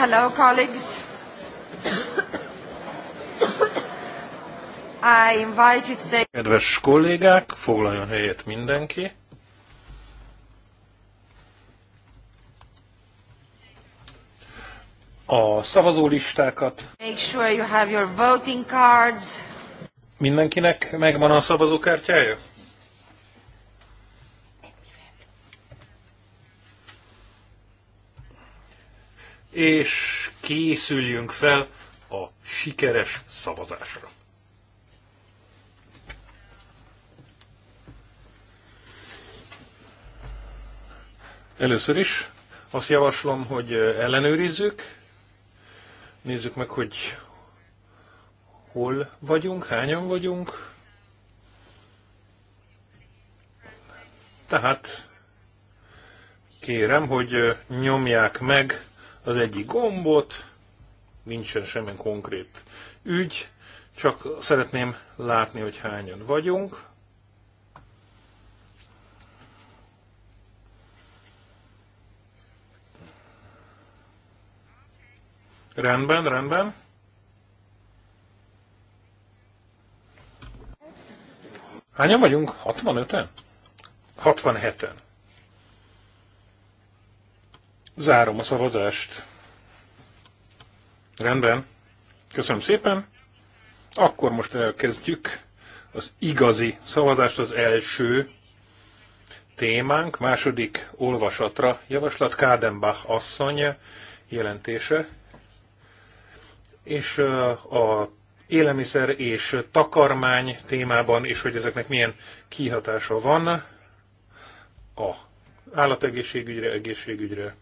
Hello, colleagues. I invite you today. Kedves kollégák, foglaljon helyet mindenki. A szavazólistákat. Make sure you have your voting cards. Mindenkinek megvan a szavazókártyája? és készüljünk fel a sikeres szavazásra. Először is azt javaslom, hogy ellenőrizzük, nézzük meg, hogy hol vagyunk, hányan vagyunk. Tehát kérem, hogy nyomják meg az egyik gombot, nincsen semmi konkrét ügy, csak szeretném látni, hogy hányan vagyunk. Rendben, rendben. Hányan vagyunk? 65-en? 67-en. Zárom a szavazást. Rendben. Köszönöm szépen. Akkor most elkezdjük az igazi szavazást, az első témánk, második olvasatra javaslat Kádenbach asszony jelentése, és a élelmiszer és takarmány témában, és hogy ezeknek milyen kihatása van a állategészségügyre, egészségügyre.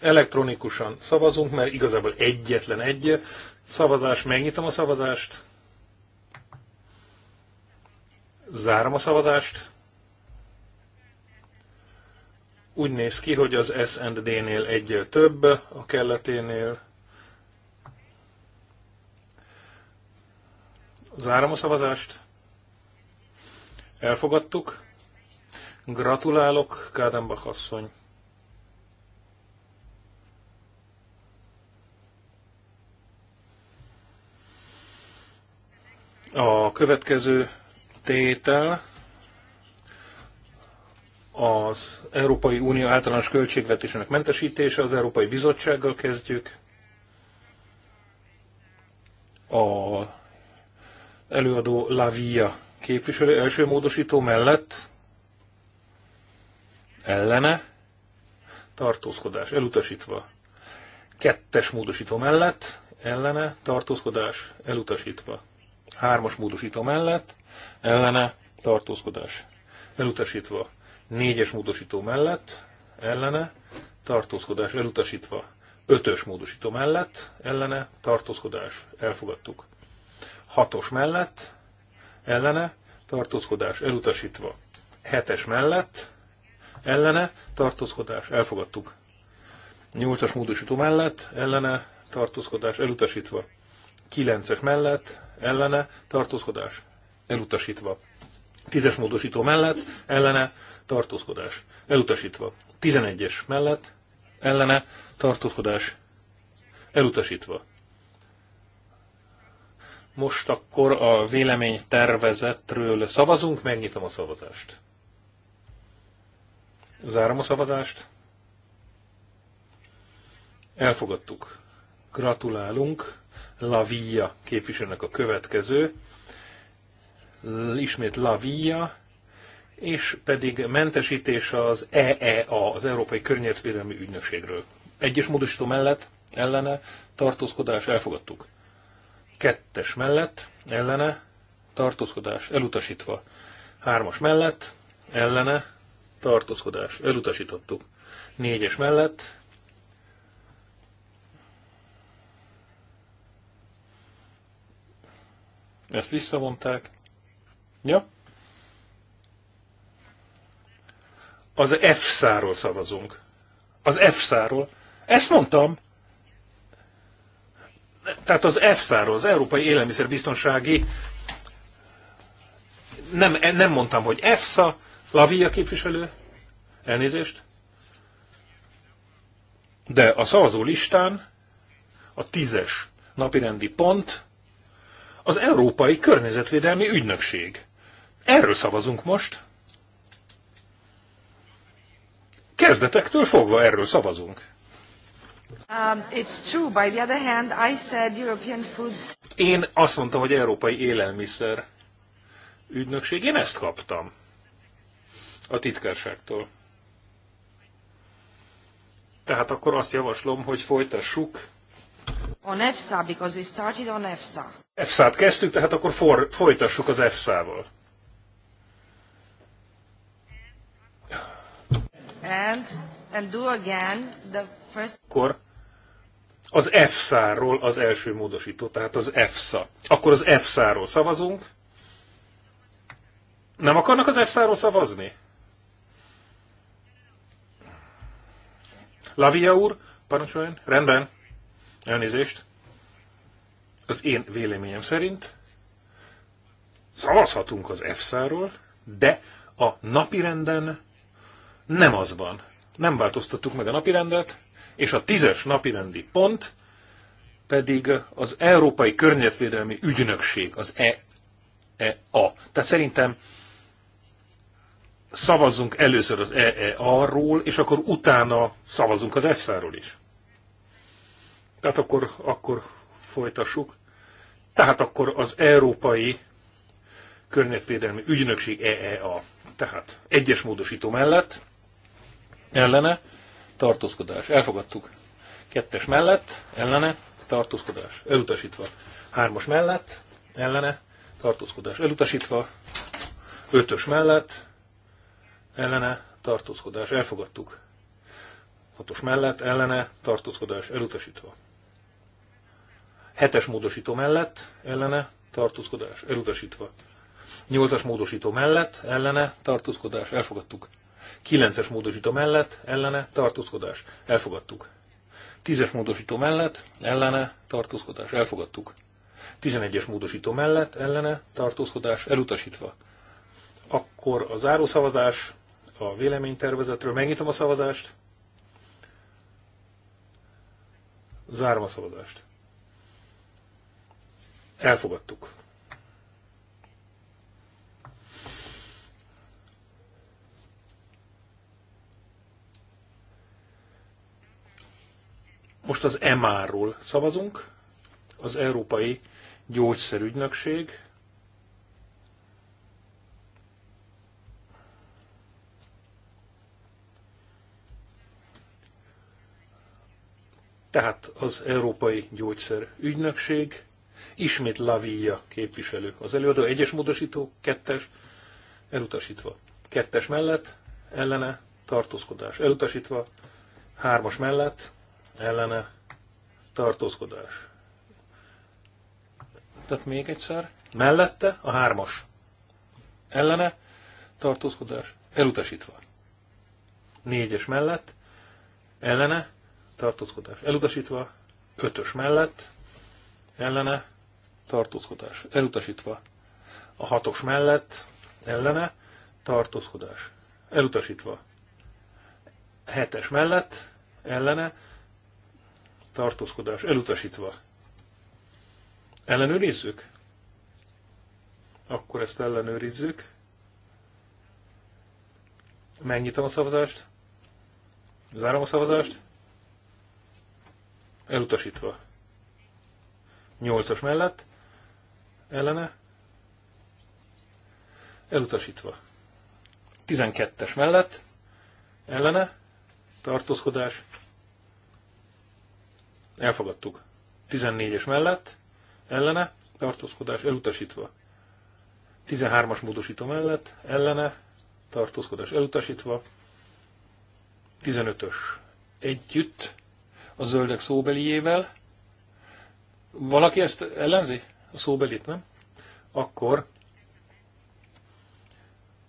Elektronikusan szavazunk, mert igazából egyetlen egy szavazás. Megnyitom a szavazást. Zárom a szavazást. Úgy néz ki, hogy az S&D-nél egy több, a kelleténél. Zárom a szavazást. Elfogadtuk. Gratulálok, Kádenbach asszony. A következő tétel az Európai Unió általános költségvetésének mentesítése, az Európai Bizottsággal kezdjük. A előadó Lavia képviselő első módosító mellett ellene tartózkodás elutasítva. Kettes módosító mellett ellene tartózkodás elutasítva. Hármas módosító mellett, ellene, tartózkodás. Elutasítva. Négyes módosító mellett, ellene, tartózkodás. Elutasítva. Ötös módosító mellett, ellene, tartózkodás. Elfogadtuk. Hatos mellett, ellene, tartózkodás. Elutasítva. Hetes mellett, ellene, tartózkodás. Elfogadtuk. Nyolcas módosító mellett, ellene, tartózkodás elutasítva. 9-es mellett, ellene, tartózkodás, elutasítva. 10-es módosító mellett, ellene, tartózkodás, elutasítva. 11-es mellett, ellene, tartózkodás, elutasítva. Most akkor a vélemény tervezetről szavazunk, megnyitom a szavazást. Zárom a szavazást. Elfogadtuk. Gratulálunk Villa képviselnek a következő. Ismét Villa, és pedig mentesítés az EEA, az Európai Környezetvédelmi Ügynökségről. Egyes módosító mellett, ellene, tartózkodás, elfogadtuk. Kettes mellett, ellene, tartózkodás, elutasítva. Hármas mellett, ellene, tartózkodás, elutasítottuk. Négyes mellett, Ezt visszavonták. Ja. Az F-száról szavazunk. Az F-száról. Ezt mondtam. Tehát az F-száról, az Európai Élelmiszerbiztonsági nem, nem mondtam, hogy EFSA, Lavia képviselő, elnézést, de a szavazó listán a tízes napirendi pont az Európai Környezetvédelmi Ügynökség. Erről szavazunk most. Kezdetektől fogva erről szavazunk. Um, Én azt mondtam, hogy Európai Élelmiszer Ügynökség. Én ezt kaptam a titkárságtól. Tehát akkor azt javaslom, hogy folytassuk. On EFSA, because we started on EFSA. EFSA-t kezdtük, tehát akkor for, folytassuk az EFSA-val. And, and do again the first... Akkor az EFSA-ról az első módosító, tehát az EFSA. Akkor az EFSA-ról szavazunk. Nem akarnak az EFSA-ról szavazni? Lavia úr, parancsoljon, rendben, elnézést az én véleményem szerint szavazhatunk az EFSA-ról, de a napirenden nem az van. Nem változtattuk meg a napirendet, és a tízes napirendi pont pedig az Európai Környezetvédelmi Ügynökség, az EEA. Tehát szerintem szavazzunk először az EEA-ról, és akkor utána szavazunk az EFSA-ról is. Tehát akkor, akkor folytassuk. Tehát akkor az Európai Környezetvédelmi Ügynökség EEA, tehát egyes módosító mellett, ellene, tartózkodás. Elfogadtuk. Kettes mellett, ellene, tartózkodás. Elutasítva. Hármas mellett, ellene, tartózkodás. Elutasítva. Ötös mellett, ellene, tartózkodás. Elfogadtuk. Hatos mellett, ellene, tartózkodás. Elutasítva. Hetes módosító mellett ellene tartózkodás elutasítva. Nyolcas módosító mellett ellene tartózkodás elfogadtuk. Kilences módosító mellett ellene tartózkodás elfogadtuk. Tízes módosító mellett ellene tartózkodás elfogadtuk. Tizenegyes módosító mellett ellene tartózkodás elutasítva. Akkor a zárószavazás a véleménytervezetről. Megnyitom a szavazást. Zárom a szavazást. Elfogadtuk. Most az EMA-ról szavazunk, az Európai Gyógyszerügynökség. Tehát az Európai Gyógyszerügynökség Ismét Lavia képviselő. Az előadó egyes módosító, kettes, elutasítva. Kettes mellett, ellene, tartózkodás. Elutasítva, hármas mellett, ellene, tartózkodás. Tehát még egyszer. Mellette a hármas. Ellene, tartózkodás. Elutasítva. Négyes mellett, ellene, tartózkodás. Elutasítva, ötös mellett, ellene, tartózkodás elutasítva. A hatos mellett ellene tartózkodás elutasítva. Hetes mellett ellene tartózkodás elutasítva. Ellenőrizzük? Akkor ezt ellenőrizzük. Megnyitom a szavazást. Zárom a szavazást. Elutasítva. Nyolcas mellett ellene, elutasítva. 12-es mellett, ellene, tartózkodás, elfogadtuk. 14-es mellett, ellene, tartózkodás, elutasítva. 13-as módosító mellett, ellene, tartózkodás elutasítva. 15-ös együtt a zöldek szóbeliével. Valaki ezt ellenzi? a szóbelit, nem? Akkor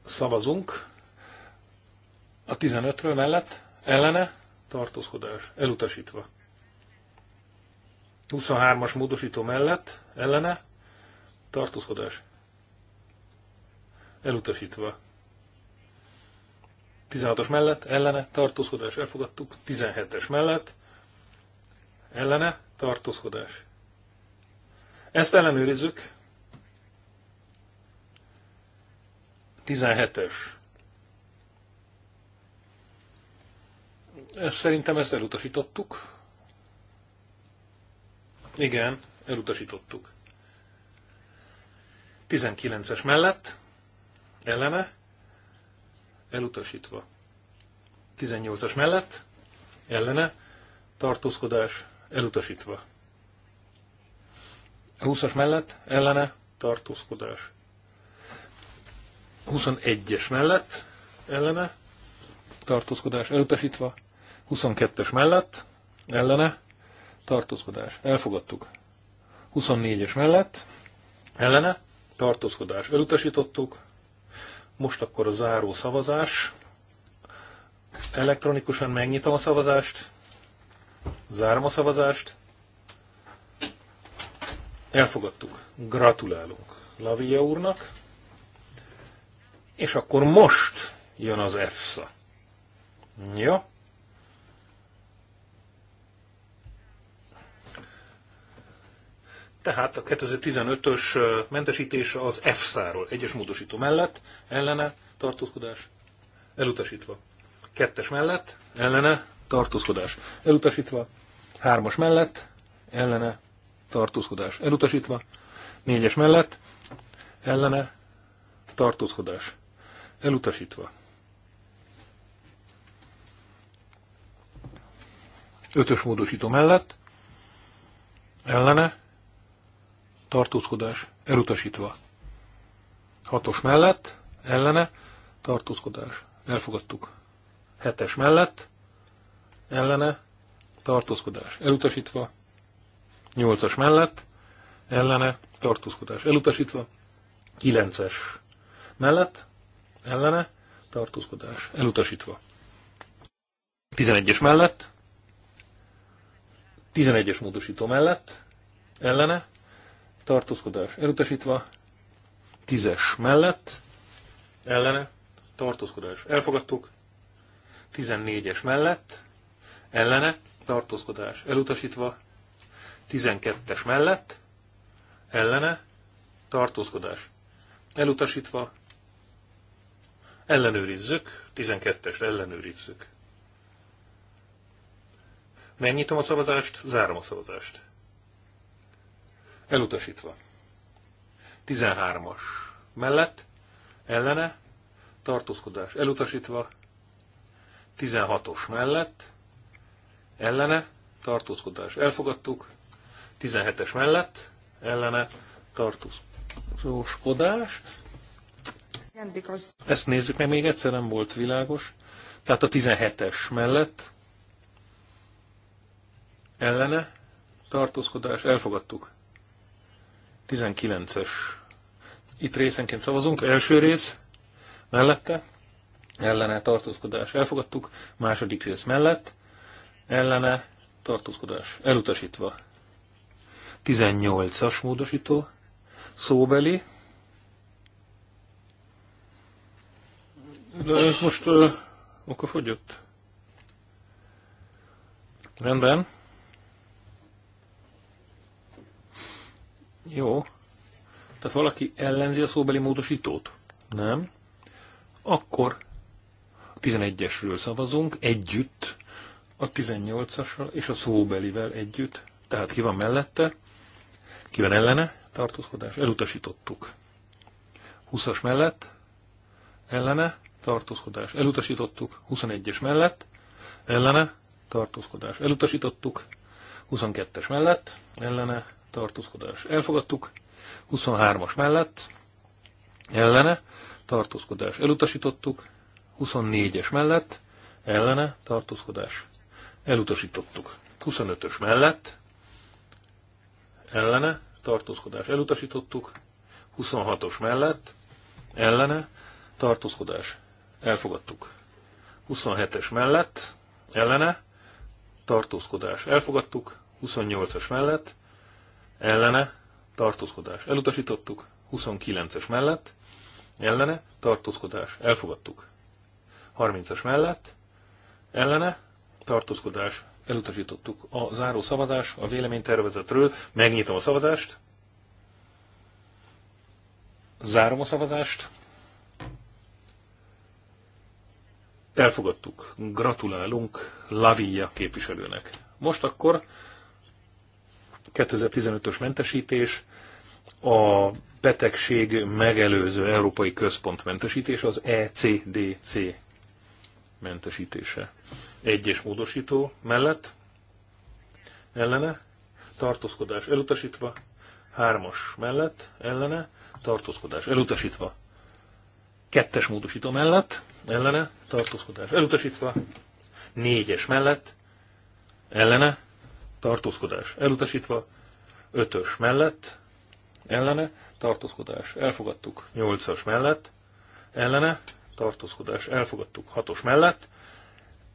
szavazunk a 15-ről mellett, ellene, tartózkodás, elutasítva. 23-as módosító mellett, ellene, tartózkodás, elutasítva. 16-os mellett, ellene, tartózkodás, elfogadtuk. 17-es mellett, ellene, tartózkodás, ezt ellenőrizzük. 17-es. Ezt szerintem ezt elutasítottuk. Igen, elutasítottuk. 19-es mellett, ellene, elutasítva. 18-as mellett, ellene, tartózkodás, elutasítva. 20-as mellett ellene tartózkodás. 21-es mellett ellene tartózkodás elutasítva. 22-es mellett ellene tartózkodás. Elfogadtuk. 24-es mellett ellene tartózkodás elutasítottuk. Most akkor a záró szavazás. Elektronikusan megnyitom a szavazást. Zárom a szavazást. Elfogadtuk. Gratulálunk Lavia úrnak. És akkor most jön az EFSA. Ja. Tehát a 2015-ös mentesítés az EFSA-ról egyes módosító mellett, ellene tartózkodás, elutasítva. Kettes mellett, ellene tartózkodás, elutasítva. Hármas mellett, ellene tartózkodás elutasítva, négyes mellett, ellene, tartózkodás elutasítva. Ötös módosító mellett, ellene, tartózkodás elutasítva. Hatos mellett, ellene, tartózkodás. Elfogadtuk. Hetes mellett, ellene, tartózkodás. Elutasítva. 8-as mellett, ellene, tartózkodás elutasítva, 9-es mellett, ellene, tartózkodás elutasítva. 11-es mellett, 11-es módosító mellett, ellene, tartózkodás elutasítva, 10-es mellett, ellene, tartózkodás elfogadtuk, 14-es mellett, ellene, tartózkodás elutasítva, 12-es mellett, ellene, tartózkodás elutasítva, ellenőrizzük, 12-es ellenőrizzük. Megnyitom a szavazást, zárom a szavazást. Elutasítva. 13-as mellett, ellene, tartózkodás elutasítva, 16-os mellett, ellene, tartózkodás elfogadtuk, 17-es mellett ellene tartózkodás. Ezt nézzük meg még egyszer, nem volt világos. Tehát a 17-es mellett ellene tartózkodás, elfogadtuk. 19-es. Itt részenként szavazunk. Első rész mellette ellene tartózkodás, elfogadtuk. Második rész mellett ellene tartózkodás, elutasítva. 18-as módosító, szóbeli. De ez most uh, oka fogyott. Rendben. Jó. Tehát valaki ellenzi a szóbeli módosítót? Nem. Akkor a 11-esről szavazunk együtt, a 18 asra és a szóbelivel együtt. Tehát ki van mellette? Kivel ellene? Tartózkodás. Elutasítottuk. 20-as mellett. Ellene? Tartózkodás. Elutasítottuk. 21-es mellett. Ellene? Tartózkodás. Elutasítottuk. 22-es mellett. Ellene? Tartózkodás. Elfogadtuk. 23-as mellett. Ellene? Tartózkodás. Elutasítottuk. 24-es mellett. Ellene? Tartózkodás. Elutasítottuk. 25-ös mellett ellene, tartózkodás elutasítottuk, 26-os mellett, ellene, tartózkodás elfogadtuk. 27-es mellett, ellene, tartózkodás elfogadtuk, 28-as mellett, ellene, tartózkodás elutasítottuk, 29-es mellett, ellene, tartózkodás elfogadtuk. 30-as mellett, ellene, tartózkodás elutasítottuk. A záró szavazás a véleménytervezetről. Megnyitom a szavazást. Zárom a szavazást. Elfogadtuk. Gratulálunk Lavia képviselőnek. Most akkor 2015-ös mentesítés, a betegség megelőző Európai Központ mentesítés, az ECDC mentesítése. Egyes módosító mellett ellene tartózkodás elutasítva, hármas mellett ellene tartózkodás elutasítva, kettes módosító mellett ellene tartózkodás elutasítva, négyes mellett ellene tartózkodás elutasítva, ötös mellett ellene tartózkodás elfogadtuk, nyolcas mellett ellene tartózkodás elfogadtuk, hatos mellett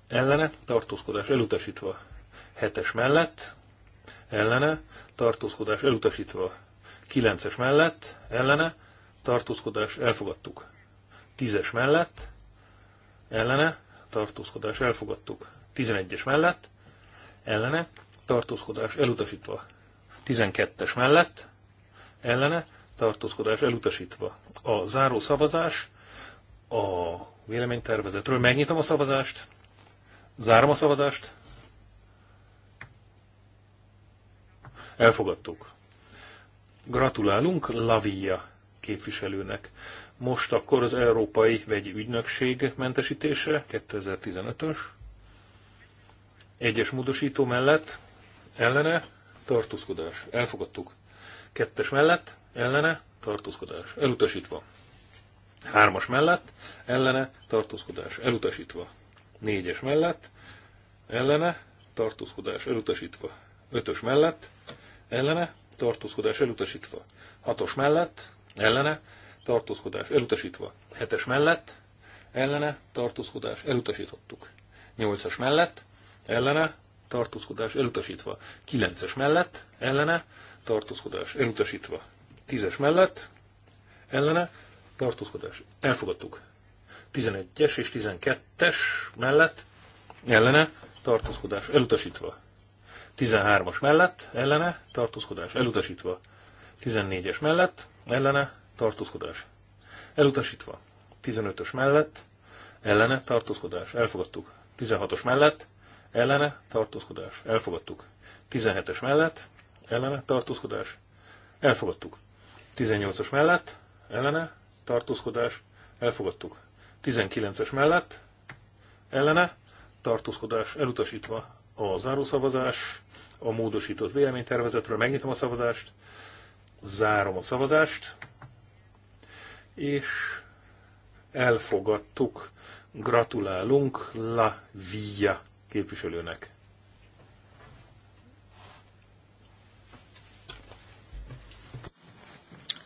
ellene, tartózkodás elutasítva. hetes mellett, ellene, tartózkodás elutasítva. kilences mellett, ellene, tartózkodás elfogadtuk. tízes mellett, ellene, tartózkodás elfogadtuk. tizenegyes mellett, ellene, tartózkodás elutasítva. tizenkettes mellett, ellene, tartózkodás elutasítva. A záró szavazás a véleménytervezetről. Megnyitom a szavazást. Zárom a szavazást. Elfogadtuk. Gratulálunk Lavia képviselőnek. Most akkor az Európai Vegyi Ügynökség mentesítése 2015-ös. Egyes módosító mellett ellene tartózkodás. Elfogadtuk. Kettes mellett ellene tartózkodás. Elutasítva. Hármas mellett ellene tartózkodás. Elutasítva négyes mellett, ellene, tartózkodás elutasítva. ötös mellett, ellene, tartózkodás elutasítva. hatos mellett, ellene, tartózkodás elutasítva. hetes mellett, ellene, tartózkodás elutasítottuk. nyolcas mellett, ellene, tartózkodás elutasítva. kilences mellett, ellene, tartózkodás elutasítva. tízes mellett, ellene, tartózkodás. Elfogadtuk. 11-es és 12-es mellett ellene tartózkodás elutasítva. 13-as mellett ellene tartózkodás elutasítva. 14-es mellett ellene tartózkodás elutasítva. 15-ös mellett ellene tartózkodás elfogadtuk. 16-os mellett ellene tartózkodás elfogadtuk. 17-es mellett ellene tartózkodás elfogadtuk. 18 os mellett ellene tartózkodás elfogadtuk. 19-es mellett ellene tartózkodás elutasítva a zárószavazás, a módosított véleménytervezetről megnyitom a szavazást, zárom a szavazást, és elfogadtuk. Gratulálunk La Villa képviselőnek.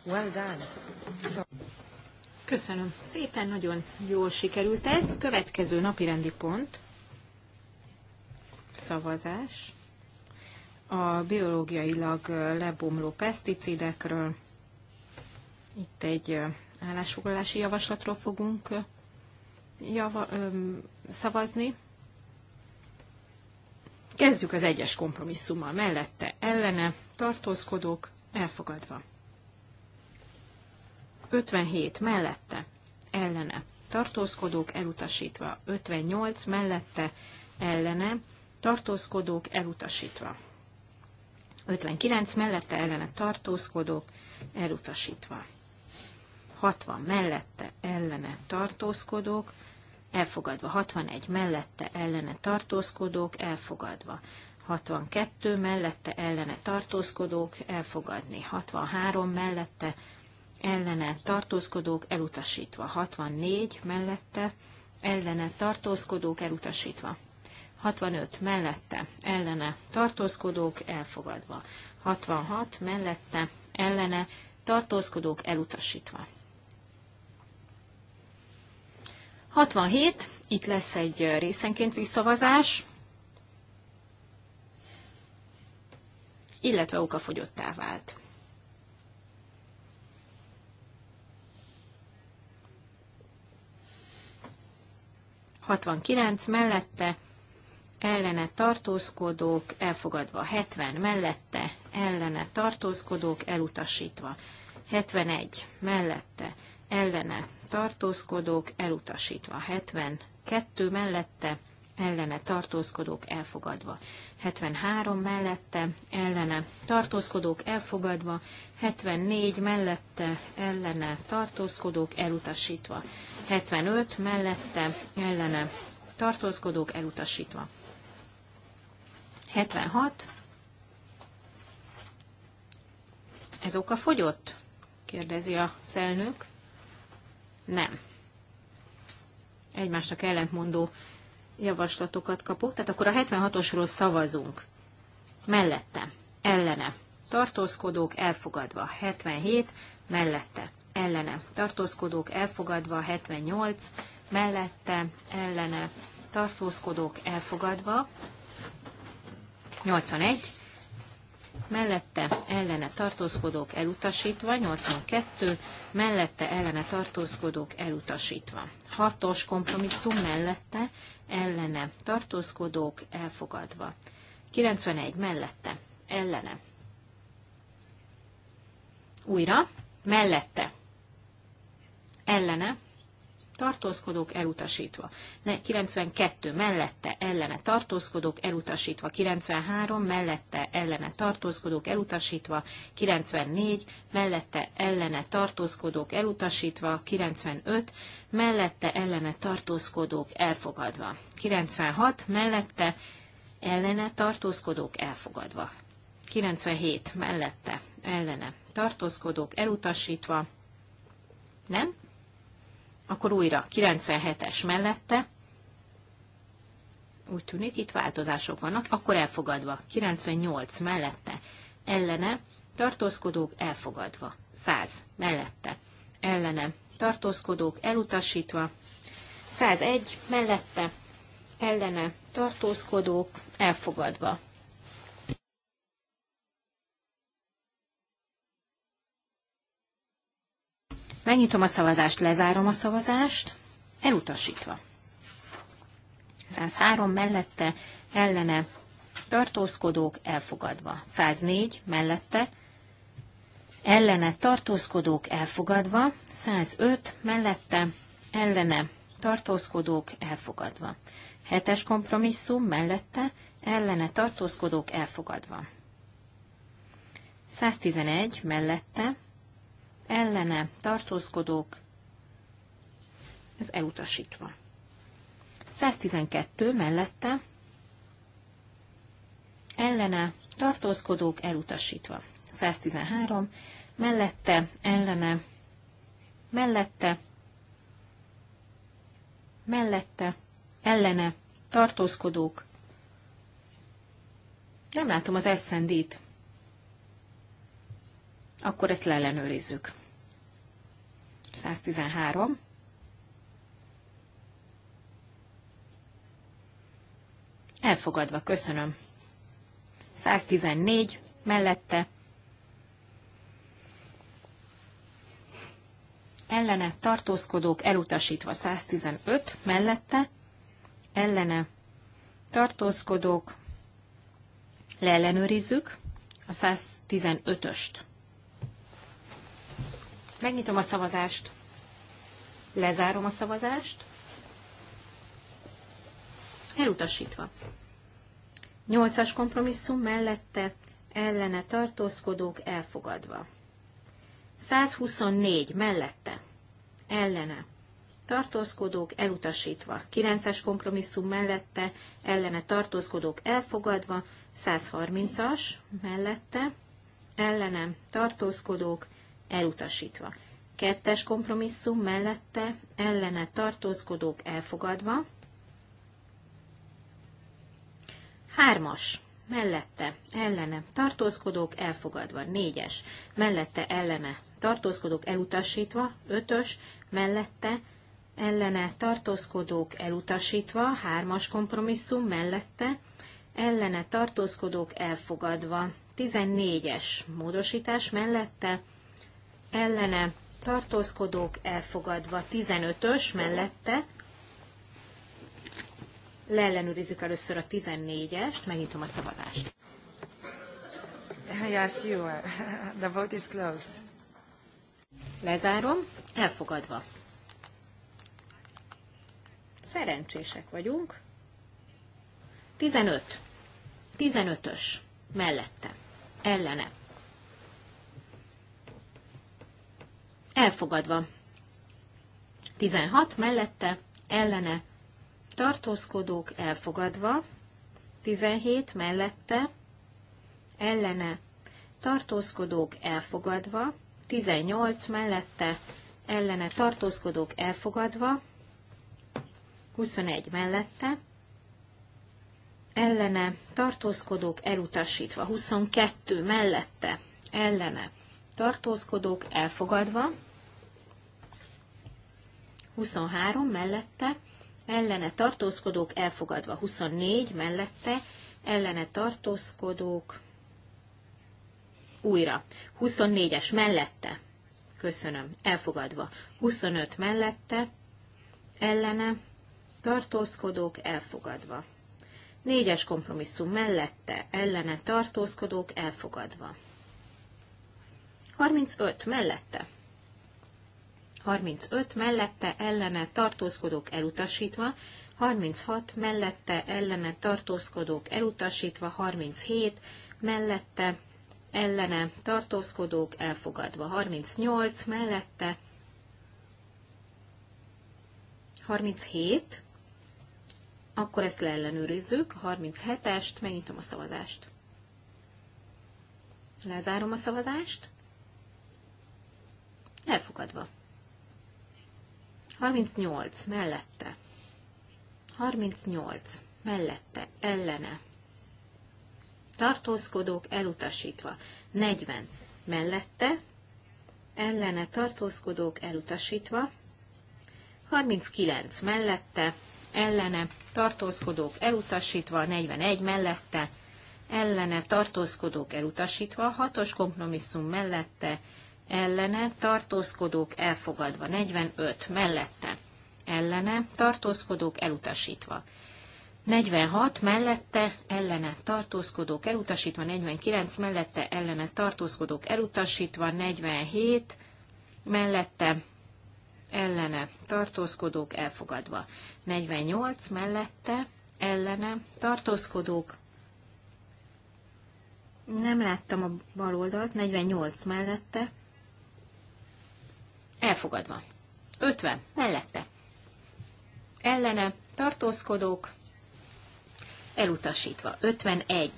Well done. So Köszönöm szépen, nagyon jól sikerült ez. Következő napi rendi pont, szavazás, a biológiailag lebomló peszticidekről. Itt egy állásfoglalási javaslatról fogunk java, szavazni. Kezdjük az egyes kompromisszummal mellette, ellene, tartózkodók, elfogadva. 57 mellette, ellene, tartózkodók elutasítva. 58 mellette, ellene, tartózkodók elutasítva. 59 mellette, ellene, tartózkodók elutasítva. 60 mellette, ellene, tartózkodók elfogadva. 61 mellette, ellene, tartózkodók elfogadva. 62 mellette ellene tartózkodók, elfogadni. 63 mellette ellene tartózkodók elutasítva. 64 mellette ellene tartózkodók elutasítva. 65 mellette ellene tartózkodók elfogadva. 66 mellette ellene tartózkodók elutasítva. 67, itt lesz egy részenként visszavazás, illetve okafogyottá vált. 69 mellette, ellene tartózkodók, elfogadva 70 mellette, ellene tartózkodók, elutasítva 71 mellette, ellene tartózkodók, elutasítva 72 mellette, ellene tartózkodók elfogadva. 73 mellette ellene tartózkodók elfogadva, 74 mellette ellene tartózkodók elutasítva, 75 mellette ellene tartózkodók elutasítva. 76. Ez oka fogyott? kérdezi a elnök. Nem. Egymásnak ellentmondó javaslatokat kapok, tehát akkor a 76-osról szavazunk. Mellette, ellene, tartózkodók elfogadva, 77, mellette, ellene, tartózkodók elfogadva, 78, mellette, ellene, tartózkodók elfogadva, 81, mellette ellene tartózkodók elutasítva, 82, mellette ellene tartózkodók elutasítva. 6-os kompromisszum mellette ellene tartózkodók elfogadva. 91 mellette ellene. Újra mellette ellene tartózkodók elutasítva. Ne, 92 mellette ellene tartózkodók elutasítva. 93 mellette ellene tartózkodók elutasítva. 94 mellette ellene tartózkodók elutasítva. 95 mellette ellene tartózkodók elfogadva. 96 mellette ellene tartózkodók elfogadva. 97 mellette ellene tartózkodók elutasítva. Nem? Akkor újra 97-es mellette. Úgy tűnik, itt változások vannak. Akkor elfogadva. 98 mellette. Ellene. Tartózkodók elfogadva. 100 mellette. Ellene. Tartózkodók elutasítva. 101 mellette. Ellene. Tartózkodók elfogadva. Megnyitom a szavazást, lezárom a szavazást, elutasítva. 103 mellette, ellene, tartózkodók elfogadva. 104 mellette, ellene, tartózkodók elfogadva. 105 mellette, ellene, tartózkodók elfogadva. Hetes kompromisszum mellette, ellene, tartózkodók elfogadva. 111 mellette, ellene tartózkodók, ez elutasítva. 112 mellette, ellene tartózkodók elutasítva. 113 mellette, ellene, mellette, mellette, ellene, tartózkodók. Nem látom az eszendít. Akkor ezt leellenőrizzük. 113. Elfogadva, köszönöm. 114 mellette. Ellene tartózkodók elutasítva 115 mellette. Ellene tartózkodók leellenőrizzük a 115-öst. Megnyitom a szavazást. Lezárom a szavazást. Elutasítva. Nyolcas kompromisszum mellette ellene tartózkodók elfogadva. 124 mellette ellene tartózkodók elutasítva. 9-es kompromisszum mellette ellene tartózkodók elfogadva. 130-as mellette ellene tartózkodók elutasítva. Kettes kompromisszum mellette ellene tartózkodók elfogadva. Hármas mellette ellene tartózkodók elfogadva. Négyes mellette ellene tartózkodók elutasítva. Ötös mellette ellene tartózkodók elutasítva. Hármas kompromisszum mellette ellene tartózkodók elfogadva. 14-es módosítás mellette ellene tartózkodók elfogadva 15-ös mellette. Leellenőrizzük először a 14-est, megnyitom a szavazást. Yes, you are. The vote is closed. Lezárom, elfogadva. Szerencsések vagyunk. 15. 15-ös mellette. Ellene Elfogadva. 16 mellette, ellene, tartózkodók elfogadva. 17 mellette, ellene, tartózkodók elfogadva. 18 mellette, ellene, tartózkodók elfogadva. 21 mellette, ellene, tartózkodók elutasítva. 22 mellette, ellene, tartózkodók elfogadva, 23 mellette, ellene tartózkodók elfogadva, 24 mellette, ellene tartózkodók újra, 24-es mellette, köszönöm, elfogadva, 25 mellette, ellene tartózkodók elfogadva. Négyes kompromisszum mellette, ellene tartózkodók elfogadva. 35 mellette. 35 mellette ellene tartózkodók elutasítva, 36 mellette ellene tartózkodók elutasítva, 37 mellette ellene tartózkodók elfogadva, 38 mellette 37, akkor ezt leellenőrizzük, 37-est, megnyitom a szavazást. Lezárom a szavazást. Elfogadva. 38. Mellette. 38. Mellette. Ellene. Tartózkodók elutasítva. 40. Mellette. Ellene tartózkodók elutasítva. 39. Mellette. Ellene tartózkodók elutasítva. 41. Mellette. Ellene tartózkodók elutasítva. 6-os kompromisszum mellette ellene tartózkodók elfogadva, 45 mellette ellene tartózkodók elutasítva. 46 mellette ellene tartózkodók elutasítva, 49 mellette ellene tartózkodók elutasítva, 47 mellette ellene tartózkodók elfogadva, 48 mellette ellene tartózkodók nem láttam a bal oldalt, 48 mellette elfogadva. 50 mellette. Ellene tartózkodók elutasítva. 51.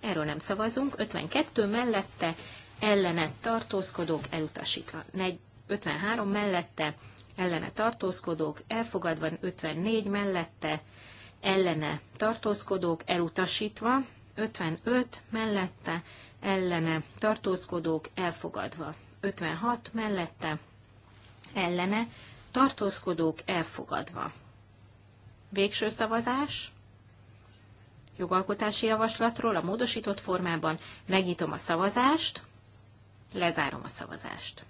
Erről nem szavazunk. 52 mellette ellene tartózkodók elutasítva. 53 mellette ellene tartózkodók elfogadva. 54 mellette ellene tartózkodók elutasítva. 55 mellette ellene tartózkodók elfogadva. 56 mellette ellene tartózkodók elfogadva. Végső szavazás jogalkotási javaslatról a módosított formában megnyitom a szavazást, lezárom a szavazást.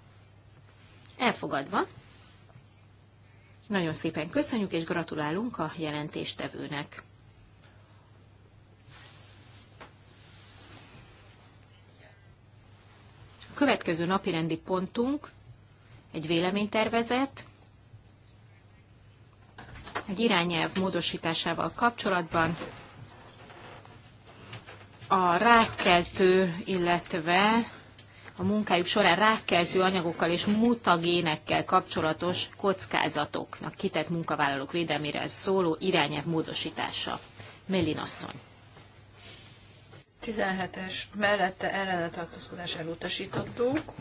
Elfogadva. Nagyon szépen köszönjük és gratulálunk a jelentéstevőnek. következő napirendi pontunk egy véleménytervezet, egy irányelv módosításával kapcsolatban a rákkeltő, illetve a munkájuk során rákkeltő anyagokkal és mutagénekkel kapcsolatos kockázatoknak kitett munkavállalók védelmére szóló irányelv módosítása. Mellin asszony. 17-es mellette ellene tartózkodás elutasítottuk.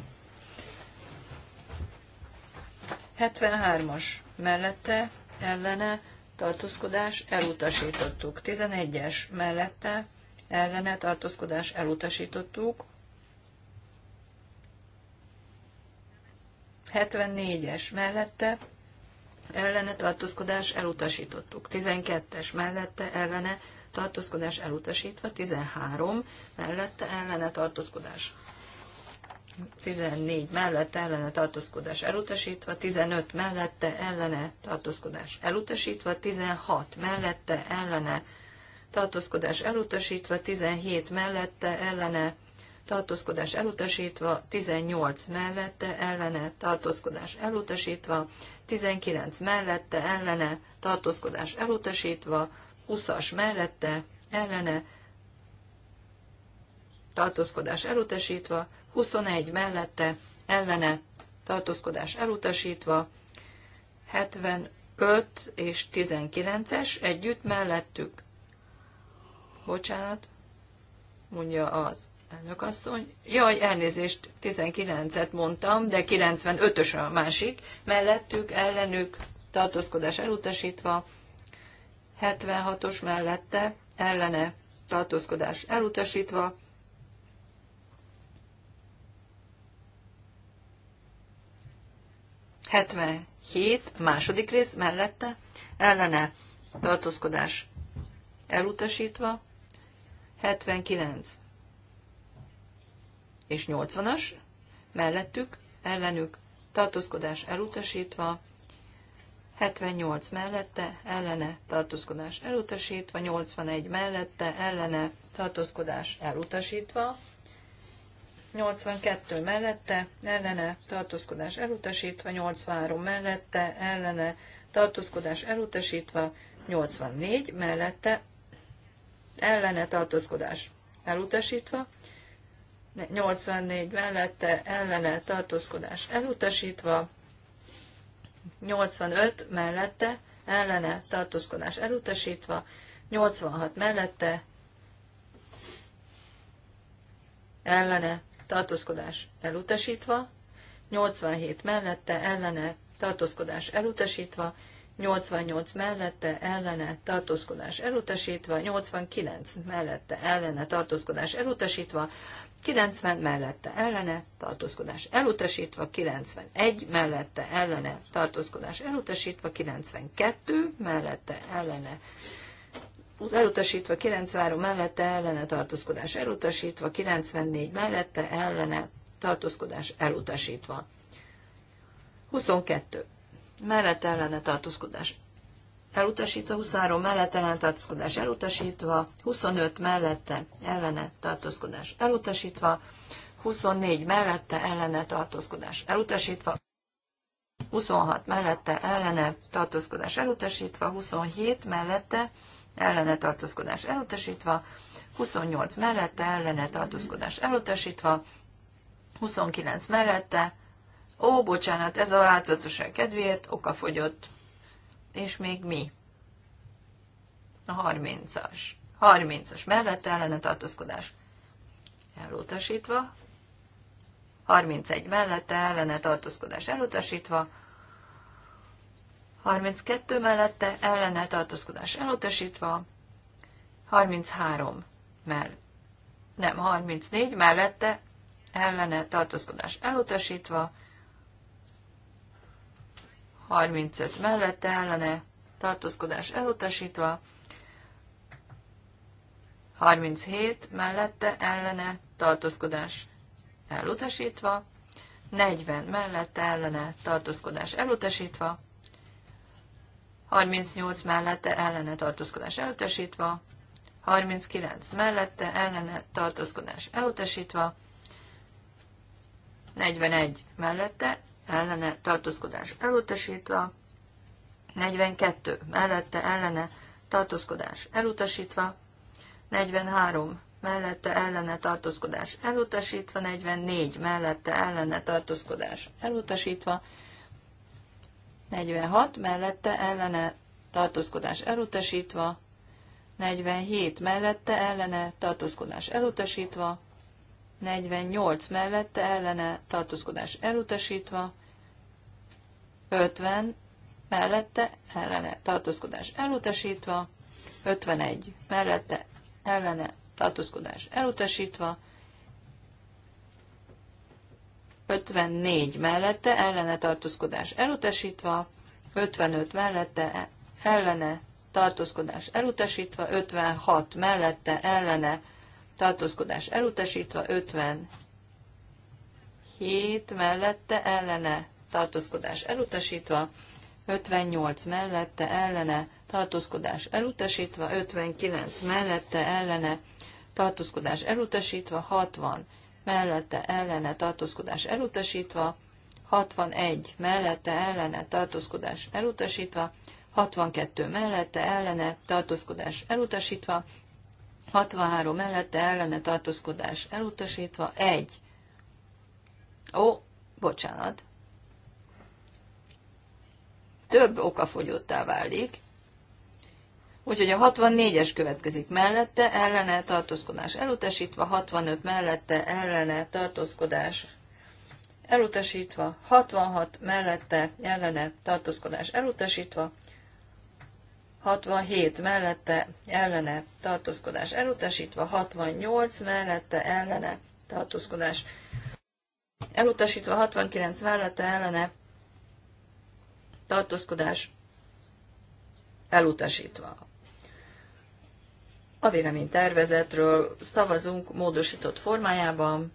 73-as mellette ellene tartózkodás elutasítottuk. 11-es mellette ellene tartózkodás elutasítottuk. 74-es mellette ellene tartózkodás elutasítottuk. 12-es mellette ellene tartózkodás elutasítva, 13 mellette ellene tartózkodás 14 mellette ellene tartózkodás elutasítva, 15 mellette ellene tartózkodás elutasítva, 16 mellette ellene tartózkodás elutasítva, 17 mellette ellene tartózkodás elutasítva, 18 mellette ellene tartózkodás elutasítva, 19 mellette ellene tartózkodás elutasítva, 20-as mellette ellene tartózkodás elutasítva, 21 mellette ellene tartózkodás elutasítva, 75 és 19-es együtt mellettük. Bocsánat, mondja az elnökasszony. Jaj, elnézést, 19-et mondtam, de 95-ös a másik. Mellettük, ellenük, tartózkodás elutasítva, 76-os mellette ellene tartózkodás elutasítva, hét második rész mellette ellene tartózkodás elutasítva, 79 és 80-as mellettük, ellenük tartózkodás elutasítva, 78 mellette, ellene, tartózkodás elutasítva, 81 mellette, ellene, tartózkodás elutasítva, 82 mellette, ellene, tartózkodás elutasítva, 83 mellette, ellene, tartózkodás elutasítva, 84 mellette, ellene tartózkodás elutasítva, 84 mellette ellene tartózkodás elutasítva, 85 mellette, ellene tartózkodás elutasítva, 86 mellette, ellene tartózkodás elutasítva, 87 mellette, ellene tartózkodás elutasítva, 88 mellette ellene tartózkodás elutasítva, 89 mellette ellene tartózkodás elutasítva, 90 mellette ellene tartózkodás elutasítva, 91 mellette ellene tartózkodás elutasítva, 92 mellette ellene elutasítva, 93 mellette ellene tartózkodás elutasítva, 94 mellette ellene tartózkodás elutasítva. 22. Mellette ellene tartózkodás elutasítva, 23 mellette ellen tartózkodás elutasítva, 25 mellette ellene tartózkodás elutasítva, 24 mellette ellene tartózkodás elutasítva, 26 mellette ellene tartózkodás elutasítva, 27 mellette ellene tartózkodás elutasítva, 28 mellette ellene tartózkodás elutasítva, 29 mellette, ó, bocsánat, ez a változatosság kedvéért okafogyott és még mi. A 30-as. 30-as mellette ellene tartózkodás elutasítva. 31 mellette ellene tartózkodás elutasítva. 32 mellette ellene tartózkodás elutasítva. 33 mell nem, 34 mellette ellene tartózkodás elutasítva, 35 mellette ellene tartózkodás elutasítva, 37 mellette ellene tartózkodás elutasítva, 40 mellette ellene tartózkodás elutasítva, 38 mellette ellene tartózkodás elutasítva, 39 mellette ellene tartózkodás elutasítva, 41 mellette ellene tartózkodás elutasítva, 42 mellette ellene tartózkodás elutasítva, 43 mellette ellene tartózkodás elutasítva, 44 mellette ellene tartózkodás elutasítva, 46 mellette ellene tartózkodás elutasítva, 47 mellette ellene tartózkodás elutasítva, 48 mellette ellene tartózkodás elutasítva, 50 mellette ellene tartózkodás elutasítva, 51 mellette ellene tartózkodás elutasítva, 54 mellette ellene tartózkodás elutasítva, 55 mellette ellene tartózkodás elutasítva, 56 mellette ellene tartózkodás elutasítva, 57 mellette ellene tartózkodás elutasítva, 58 mellette ellene tartózkodás elutasítva, 59 mellette ellene tartózkodás elutasítva, 60 mellette ellene tartózkodás elutasítva, 61 mellette ellene tartózkodás elutasítva, 62 mellette ellene tartózkodás elutasítva, 63 mellette ellene tartózkodás elutasítva, 1. Ó, bocsánat több okafogyottá válik, úgyhogy a 64-es következik mellette, ellene tartózkodás elutasítva, 65 mellette, ellene tartózkodás elutasítva, 66 mellette, ellene tartózkodás elutasítva, 67 mellette ellene tartózkodás elutasítva, 68 mellette ellene tartózkodás elutasítva, 69 mellette ellene tartózkodás elutasítva. A véleménytervezetről szavazunk módosított formájában,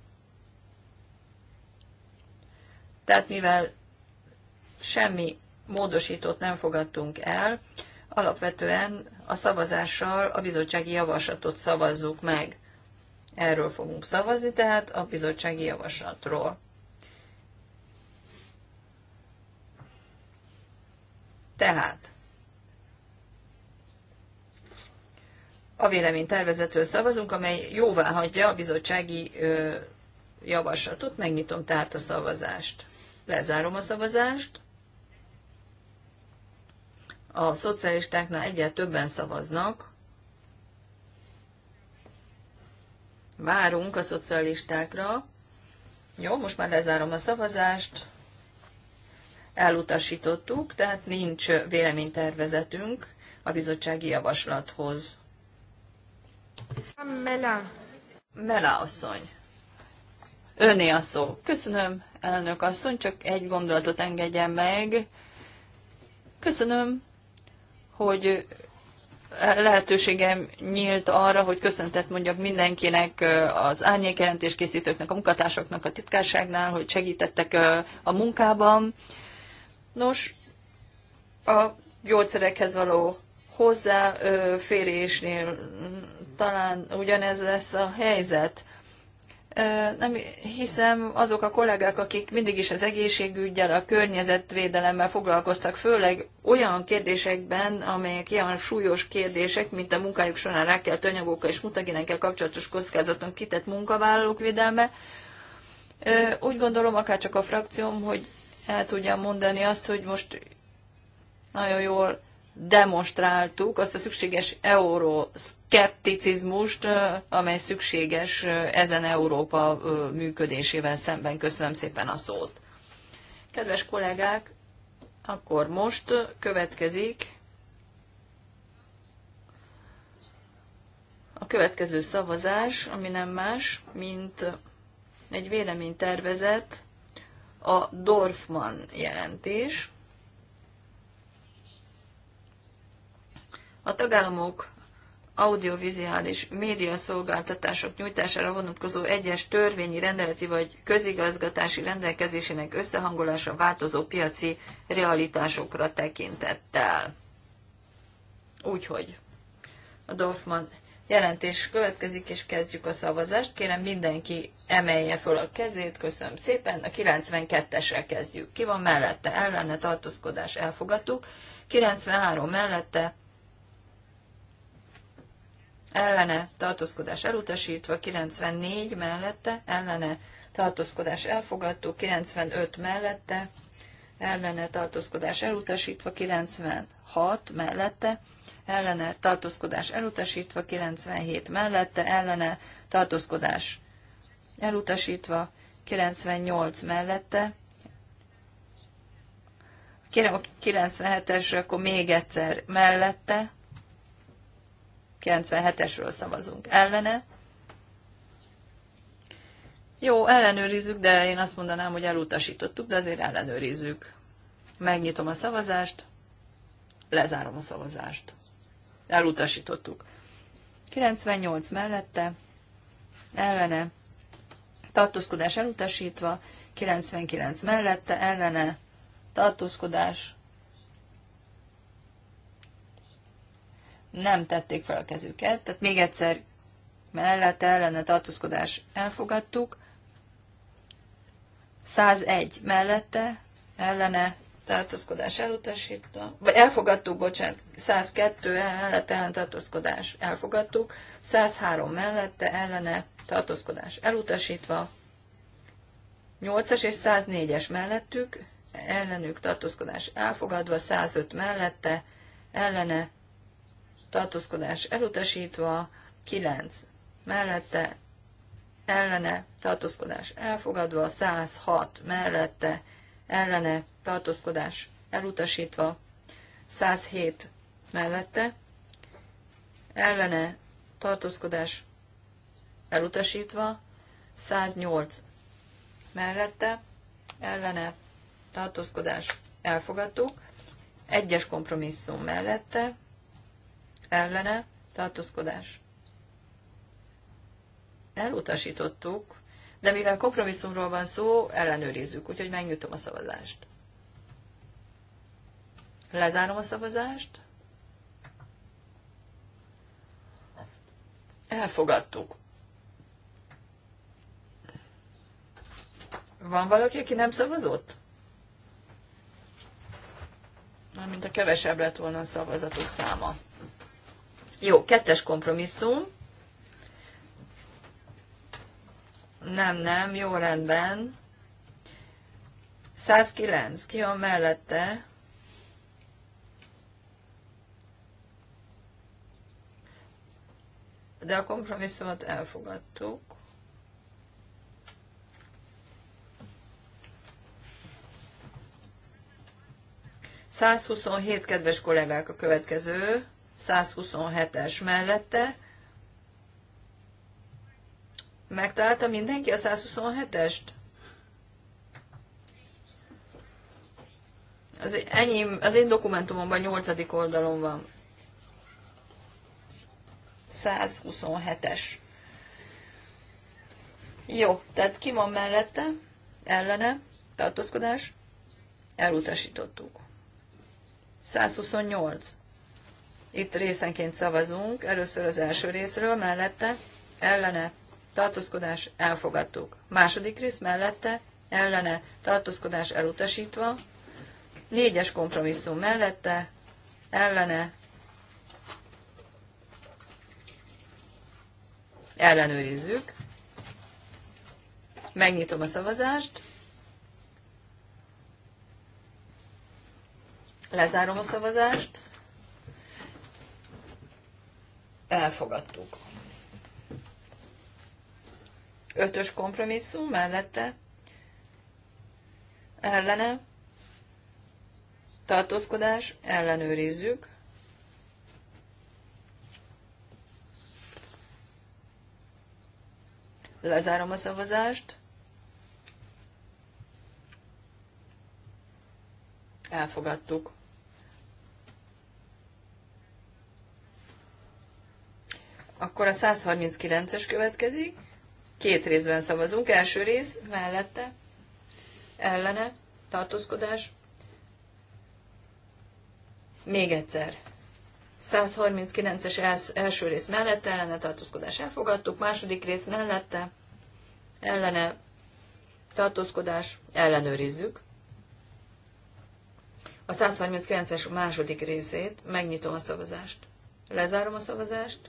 tehát mivel semmi módosítót nem fogadtunk el, alapvetően a szavazással a bizottsági javaslatot szavazzuk meg. Erről fogunk szavazni, tehát a bizottsági javaslatról. Tehát a tervezetről szavazunk, amely jóvá hagyja a bizottsági ö, javaslatot. Megnyitom tehát a szavazást. Lezárom a szavazást. A szocialistáknál egyet többen szavaznak. Várunk a szocialistákra. Jó, most már lezárom a szavazást elutasítottuk, tehát nincs véleménytervezetünk a bizottsági javaslathoz. Mela. Mela asszony. Öné a szó. Köszönöm, elnök asszony, csak egy gondolatot engedjen meg. Köszönöm, hogy lehetőségem nyílt arra, hogy köszöntet mondjak mindenkinek, az árnyékjelentés készítőknek, a munkatársaknak a titkárságnál, hogy segítettek a munkában. Nos, a gyógyszerekhez való hozzáférésnél talán ugyanez lesz a helyzet. Nem hiszem, azok a kollégák, akik mindig is az egészségügyel, a környezetvédelemmel foglalkoztak, főleg olyan kérdésekben, amelyek ilyen súlyos kérdések, mint a munkájuk során rákelt anyagokkal és mutagénekkel kapcsolatos kockázaton kitett munkavállalók védelme, úgy gondolom, akár csak a frakcióm, hogy el tudjam mondani azt, hogy most nagyon jól demonstráltuk azt a szükséges euroszkepticizmust, amely szükséges ezen Európa működésével szemben. Köszönöm szépen a szót. Kedves kollégák, akkor most következik a következő szavazás, ami nem más, mint egy véleménytervezet a Dorfman jelentés. A tagállamok audiovizuális médiaszolgáltatások nyújtására vonatkozó egyes törvényi, rendeleti vagy közigazgatási rendelkezésének összehangolása változó piaci realitásokra tekintettel. Úgyhogy a Dorfman jelentés következik, és kezdjük a szavazást. Kérem mindenki emelje föl a kezét, köszönöm szépen. A 92-essel kezdjük. Ki van mellette? Ellene tartózkodás elfogadtuk. 93 mellette ellene tartózkodás elutasítva, 94 mellette ellene tartózkodás elfogadtuk, 95 mellette ellene tartózkodás elutasítva, 96 mellette ellene tartózkodás elutasítva, 97 mellette ellene tartózkodás elutasítva, 98 mellette. Kérem a 97-esre, akkor még egyszer mellette. 97-esről szavazunk ellene. Jó, ellenőrizzük, de én azt mondanám, hogy elutasítottuk, de azért ellenőrizzük. Megnyitom a szavazást. Lezárom a szavazást. Elutasítottuk. 98 mellette, ellene, tartózkodás elutasítva, 99 mellette, ellene, tartózkodás, nem tették fel a kezüket, tehát még egyszer mellette, ellene, tartózkodás elfogadtuk, 101 mellette, ellene, tartózkodás elutasítva, vagy elfogadtuk, bocsánat, 102 mellette ellen tartózkodás elfogadtuk, 103 mellette ellene tartózkodás elutasítva, 8-as és 104-es mellettük, ellenük tartózkodás elfogadva, 105 mellette, ellene tartózkodás elutasítva, 9 mellette, ellene tartózkodás elfogadva, 106 mellette, ellene tartózkodás elutasítva, 107 mellette, ellene tartózkodás elutasítva, 108 mellette, ellene tartózkodás elfogadtuk, egyes kompromisszum mellette, ellene tartózkodás elutasítottuk, de mivel kompromisszumról van szó, ellenőrizzük, úgyhogy megnyitom a szavazást. Lezárom a szavazást. Elfogadtuk. Van valaki, aki nem szavazott? Mármint a kevesebb lett volna a szavazatok száma. Jó, kettes kompromisszum. Nem, nem, jó rendben. 109, ki van mellette? De a kompromisszumot elfogadtuk. Százhuszonhét kedves kollégák a következő, 127-es mellette Megtalálta mindenki a 127-est? Az, enyém, az én dokumentumomban 8. oldalon van. 127-es. Jó, tehát ki van mellette? Ellene? Tartózkodás? Elutasítottuk. 128. Itt részenként szavazunk. Először az első részről, mellette, ellene, tartózkodás elfogadtuk. Második rész mellette, ellene, tartózkodás elutasítva. Négyes kompromisszum mellette, ellene, ellenőrizzük. Megnyitom a szavazást. Lezárom a szavazást. Elfogadtuk. Ötös kompromisszum mellette ellene tartózkodás ellenőrizzük. Lezárom a szavazást. Elfogadtuk. Akkor a 139-es következik. Két részben szavazunk. Első rész mellette, ellene, tartózkodás. Még egyszer. 139-es első rész mellette, ellene tartózkodás elfogadtuk, második rész mellette, ellene tartózkodás ellenőrizzük. A 139-es második részét megnyitom a szavazást. Lezárom a szavazást.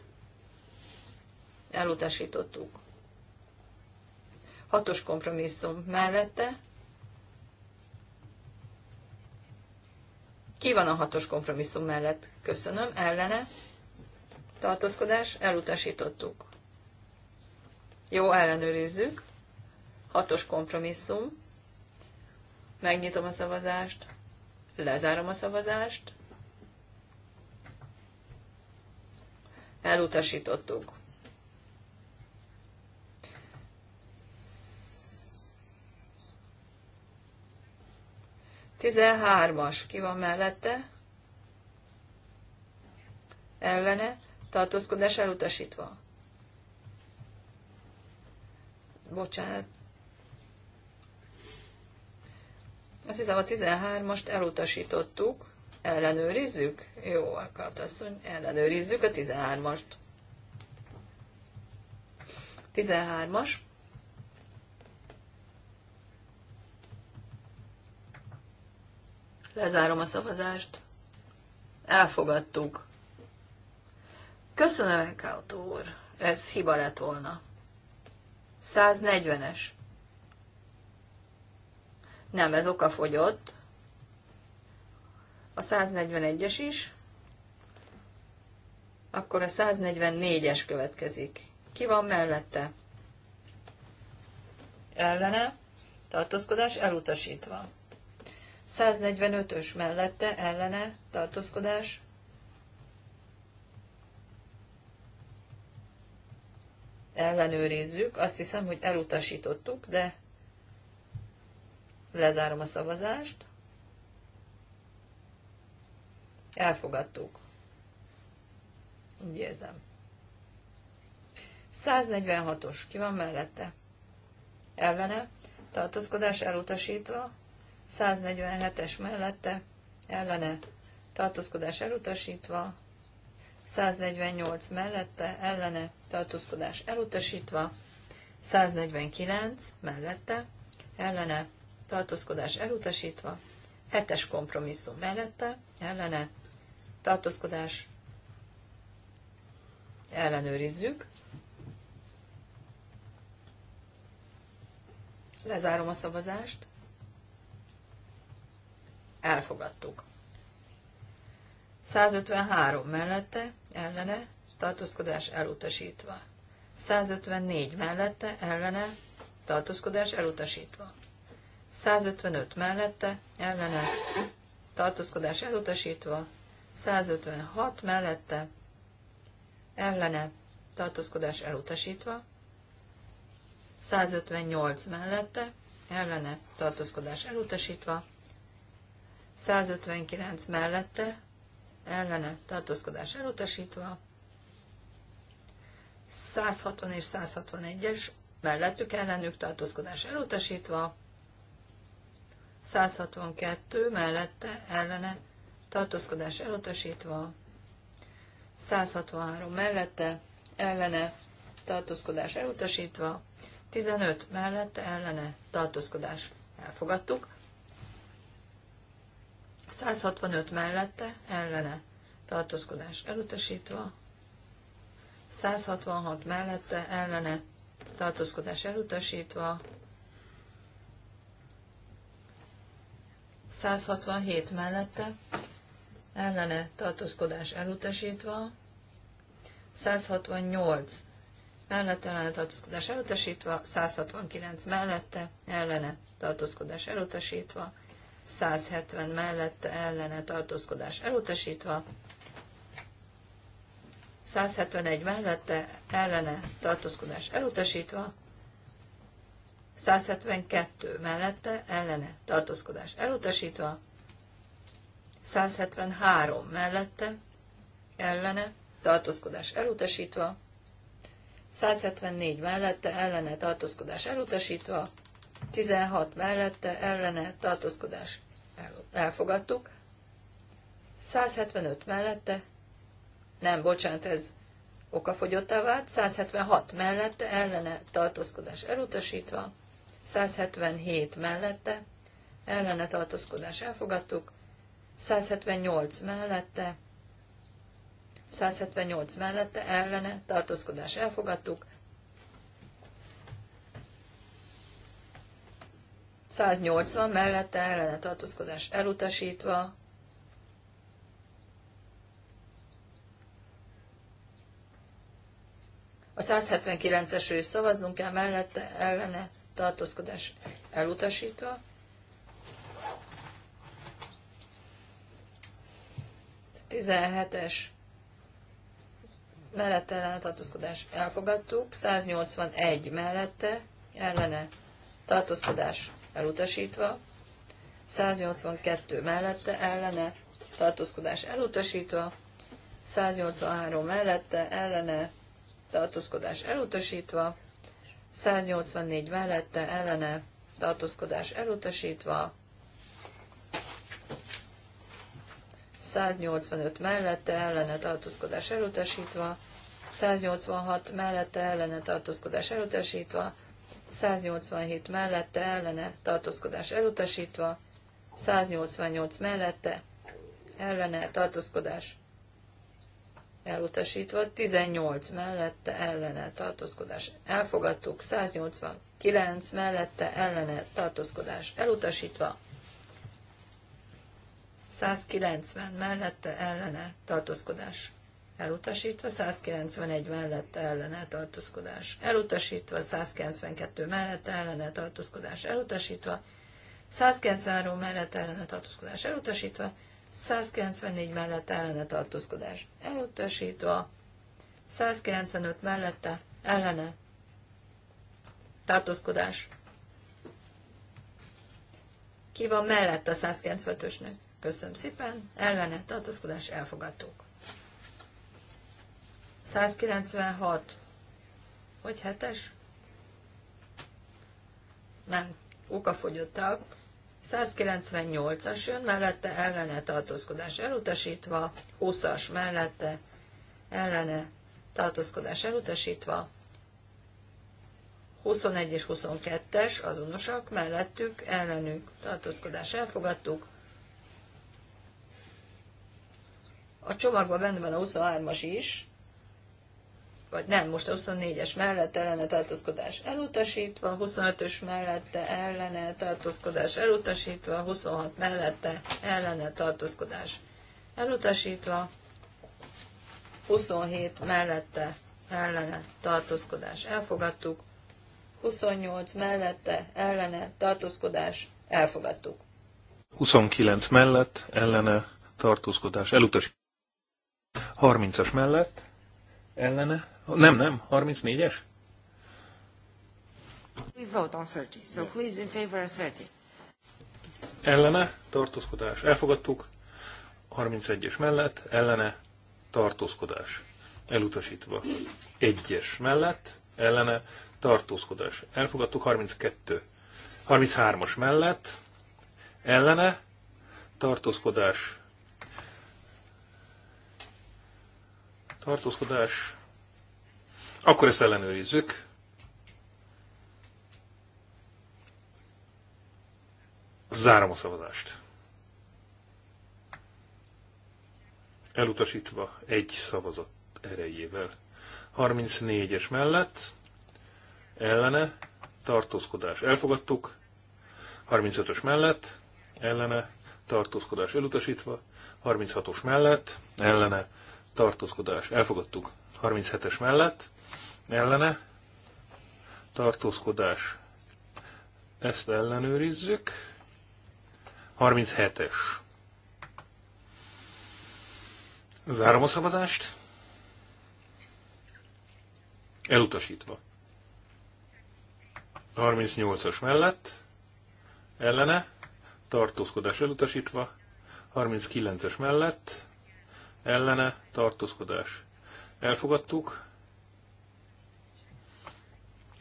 Elutasítottuk hatos kompromisszum mellette. Ki van a hatos kompromisszum mellett? Köszönöm. Ellene? Tartózkodás? Elutasítottuk. Jó, ellenőrizzük. Hatos kompromisszum. Megnyitom a szavazást. Lezárom a szavazást. Elutasítottuk. 13-as, ki van mellette? Ellene, tartózkodás elutasítva. Bocsánat. Azt hiszem a 13-ast elutasítottuk. Ellenőrizzük? Jó, akart mondja, ellenőrizzük a 13-ast. 13-as. Lezárom a szavazást. Elfogadtuk. Köszönöm, Ekautó úr. Ez hiba lett volna. 140-es. Nem, ez oka fogyott. A 141-es is. Akkor a 144-es következik. Ki van mellette? Ellene. Tartózkodás elutasítva. 145-ös mellette ellene tartózkodás. Ellenőrizzük. Azt hiszem, hogy elutasítottuk, de lezárom a szavazást. Elfogadtuk. Úgy érzem. 146-os. Ki van mellette? Ellene. Tartózkodás elutasítva. 147-es mellette ellene tartózkodás elutasítva, 148 mellette ellene tartózkodás elutasítva, 149 mellette ellene tartózkodás elutasítva, 7-es kompromisszum mellette ellene tartózkodás ellenőrizzük. Lezárom a szavazást elfogadtuk. 153 mellette, ellene, tartózkodás elutasítva. 154 mellette, ellene, tartózkodás elutasítva. 155 mellette, ellene, tartózkodás elutasítva. 156 mellette, ellene, tartózkodás elutasítva. 158 mellette, ellene, tartózkodás elutasítva. 159 mellette, ellene tartózkodás elutasítva, 160 és 161-es mellettük ellenük tartózkodás elutasítva, 162 mellette ellene tartózkodás elutasítva, 163 mellette ellene tartózkodás elutasítva, 15 mellette ellene tartózkodás elfogadtuk, 165 mellette ellene tartózkodás elutasítva, 166 mellette ellene tartózkodás elutasítva, 167 mellette ellene tartózkodás elutasítva, 168 mellette ellene tartózkodás elutasítva, 169 mellette ellene tartózkodás elutasítva, 170 mellette ellene tartózkodás elutasítva, 171 mellette ellene tartózkodás elutasítva, 172 mellette ellene tartózkodás elutasítva, 173 mellette ellene tartózkodás elutasítva, 174 mellette ellene tartózkodás elutasítva, 16 mellette ellene tartózkodás elfogadtuk. 175 mellette, nem, bocsánat, ez okafogyottá vált, 176 mellette ellene tartózkodás elutasítva, 177 mellette ellene tartózkodás elfogadtuk, 178 mellette, 178 mellette ellene tartózkodás elfogadtuk, 180 mellette ellene tartózkodás elutasítva, A 179-esről is szavaznunk kell mellette, ellene tartózkodás elutasítva. A 17-es mellette ellene tartózkodás elfogadtuk, 181 mellette ellene tartózkodás elutasítva, 182 mellette ellene, tartózkodás elutasítva, 183 mellette ellene, tartózkodás elutasítva, 184 mellette ellene, tartózkodás elutasítva, 185 mellette ellene tartózkodás elutasítva, 186 mellette ellene tartózkodás elutasítva, 187 mellette ellene tartózkodás elutasítva, 188 mellette ellene tartózkodás elutasítva, 18 mellette ellene tartózkodás elfogadtuk, 189 mellette ellene tartózkodás elutasítva, 190 mellette ellene tartózkodás elutasítva, 191 mellett ellene tartózkodás elutasítva, 192 mellett ellene tartózkodás elutasítva, 193 mellett ellene tartózkodás elutasítva, 194 mellett ellene tartózkodás elutasítva, 195 mellette ellene tartózkodás. Ki van mellett a 195-ösnek? Köszönöm szépen, ellene tartózkodás elfogadtuk. 196. vagy hetes? Nem, okafogyottak. 198-as jön mellette, ellene tartózkodás elutasítva, 20-as mellette, ellene tartózkodás elutasítva, 21 és 22-es azonosak, mellettük, ellenük tartózkodás elfogadtuk. A csomagban benne van a 23-as is, vagy nem, most a 24-es mellett ellene tartózkodás elutasítva, 25-ös mellette ellene tartózkodás elutasítva, 26 mellette ellene tartózkodás elutasítva, 27 mellette ellene tartózkodás elfogadtuk, 28 mellette ellene tartózkodás elfogadtuk. 29 mellett ellene tartózkodás elutasítva. 30-as mellett ellene nem, nem, 34-es. We vote on 30, so who is in favor of 30? Ellene, tartózkodás. Elfogadtuk. 31-es mellett, ellene, tartózkodás. Elutasítva. 1-es mellett, ellene, tartózkodás. Elfogadtuk 32. 33-as mellett, ellene, tartózkodás. Tartózkodás akkor ezt ellenőrizzük. Zárom a szavazást. Elutasítva egy szavazat erejével. 34-es mellett ellene tartózkodás elfogadtuk. 35-ös mellett ellene tartózkodás elutasítva. 36-os mellett ellene tartózkodás elfogadtuk. 37-es mellett ellene, tartózkodás, ezt ellenőrizzük, 37-es. Zárom a szavazást. Elutasítva. 38-as mellett, ellene, tartózkodás elutasítva, 39-es mellett, ellene, tartózkodás. Elfogadtuk,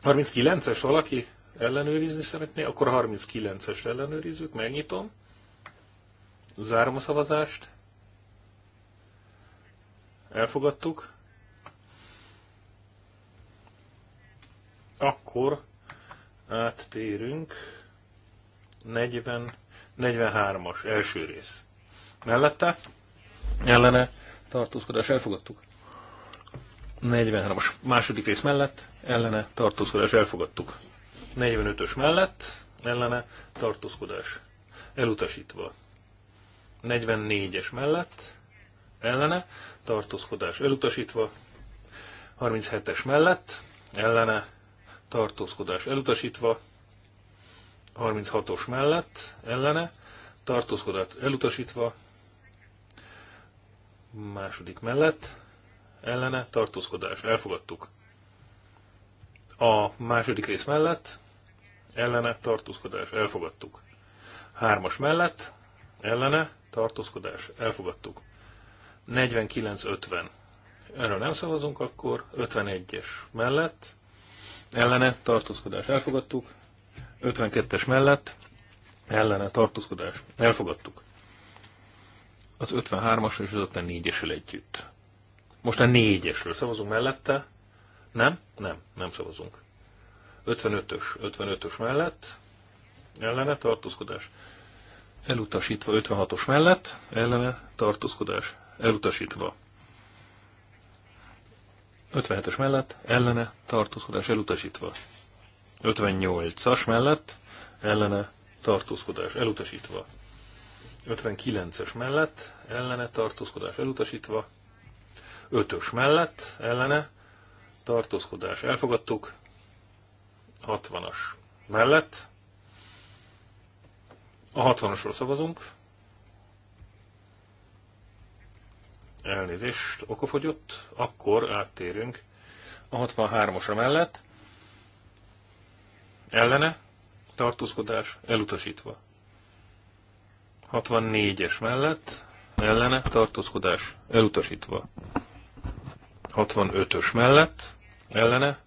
39-es valaki ellenőrizni szeretné, akkor a 39-es ellenőrizzük, megnyitom. Zárom a szavazást. Elfogadtuk. Akkor áttérünk 40, 43-as első rész. Mellette ellene tartózkodás elfogadtuk. 43-as második rész mellett, ellene tartózkodás elfogadtuk. 45-ös mellett, ellene tartózkodás elutasítva. 44-es mellett, ellene tartózkodás elutasítva. 37-es mellett, ellene tartózkodás elutasítva. 36-os mellett, ellene tartózkodás elutasítva. Második mellett, ellene tartózkodás elfogadtuk. A második rész mellett ellene tartózkodás elfogadtuk. Hármas mellett ellene tartózkodás elfogadtuk. 49-50. Erről nem szavazunk, akkor 51-es mellett ellene tartózkodás elfogadtuk. 52-es mellett ellene tartózkodás elfogadtuk. Az 53-as és az 54-esel együtt. Most a négyesről szavazunk mellette. Nem? Nem, nem szavazunk. 55-ös, 55-ös mellett, ellene tartózkodás. Elutasítva 56-os mellett, ellene tartózkodás. Elutasítva. 57-es mellett, ellene tartózkodás elutasítva. 58-as mellett, ellene tartózkodás elutasítva. 59-es mellett, ellene tartózkodás elutasítva. Ötös mellett ellene tartózkodás elfogadtuk. 60-as mellett. A 60-asról szavazunk. Elnézést, okofogyott, Akkor áttérünk a 63-asra mellett. Ellene tartózkodás elutasítva. 64-es mellett ellene tartózkodás elutasítva. 65-ös mellett, ellene,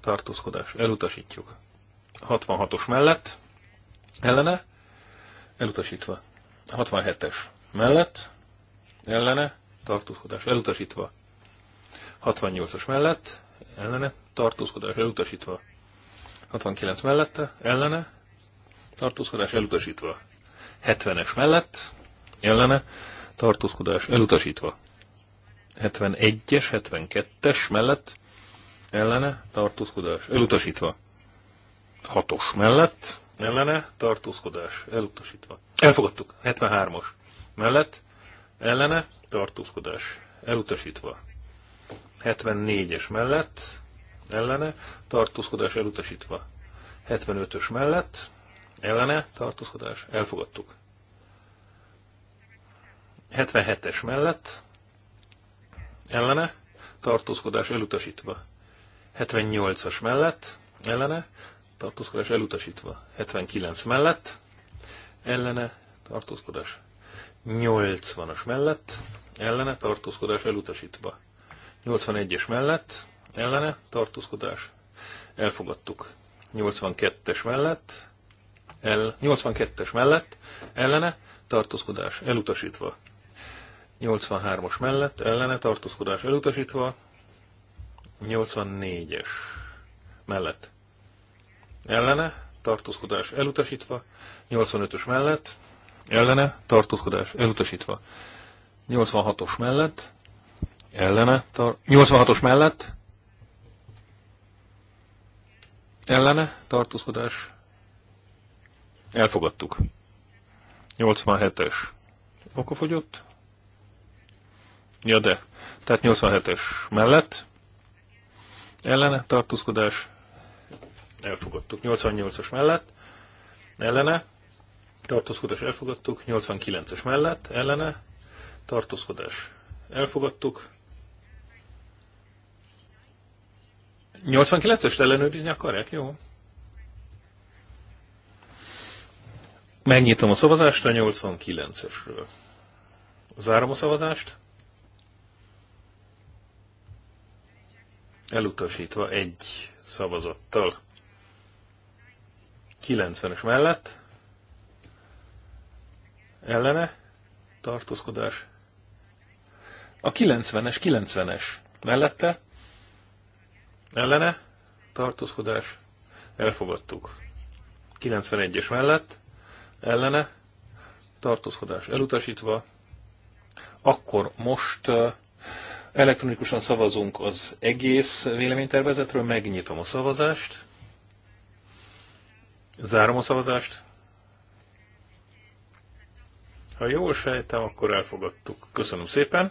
tartózkodás, elutasítjuk. 66-os mellett, ellene, elutasítva. 67-es mellett, ellene, tartózkodás, elutasítva. 68 os mellett, ellene, tartózkodás, elutasítva. 69 mellette, ellene, tartózkodás, elutasítva. 70-es mellett, ellene, tartózkodás, elutasítva. 71-es, 72-es mellett ellene tartózkodás elutasítva. 6-os mellett ellene tartózkodás elutasítva. Elfogadtuk. 73-os mellett ellene tartózkodás elutasítva. 74-es mellett ellene tartózkodás elutasítva. 75-ös mellett ellene tartózkodás elfogadtuk. 77-es mellett ellene, tartózkodás elutasítva. 78-as mellett, ellene, tartózkodás elutasítva. 79 mellett, ellene, tartózkodás. 80-as mellett, ellene, tartózkodás elutasítva. 81-es mellett, ellene, tartózkodás. Elfogadtuk. 82-es mellett, el, 82-es mellett, ellene, tartózkodás elutasítva. 83-as mellett ellene tartózkodás elutasítva, 84-es mellett ellene tartózkodás elutasítva, 85-ös mellett ellene tartózkodás elutasítva, 86-os mellett ellene, tar- 86-os mellett ellene tartózkodás elfogadtuk. 87-es okofogyott, Ja, de. Tehát 87-es mellett ellene tartózkodás elfogadtuk. 88-as mellett ellene tartózkodás elfogadtuk. 89-es mellett ellene tartózkodás elfogadtuk. 89-est ellenőrizni akarják? Jó. Megnyitom a szavazást a 89-esről. Zárom a szavazást. elutasítva egy szavazattal. 90-es mellett ellene tartózkodás. A 90-es, 90-es mellette ellene tartózkodás. Elfogadtuk. 91-es mellett ellene tartózkodás elutasítva. Akkor most Elektronikusan szavazunk az egész véleménytervezetről, megnyitom a szavazást, zárom a szavazást. Ha jól sejtem, akkor elfogadtuk. Köszönöm szépen!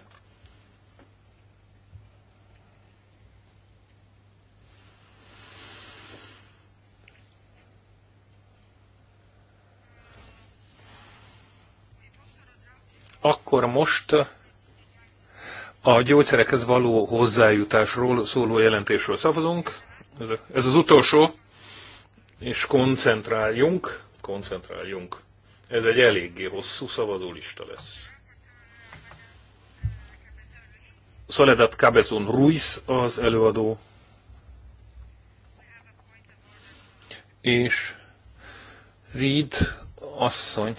Akkor most a gyógyszerekhez való hozzájutásról szóló jelentésről szavazunk. Ez az utolsó, és koncentráljunk, koncentráljunk. Ez egy eléggé hosszú szavazólista lesz. Soledad Cabezon Ruiz az előadó, és Reed asszony.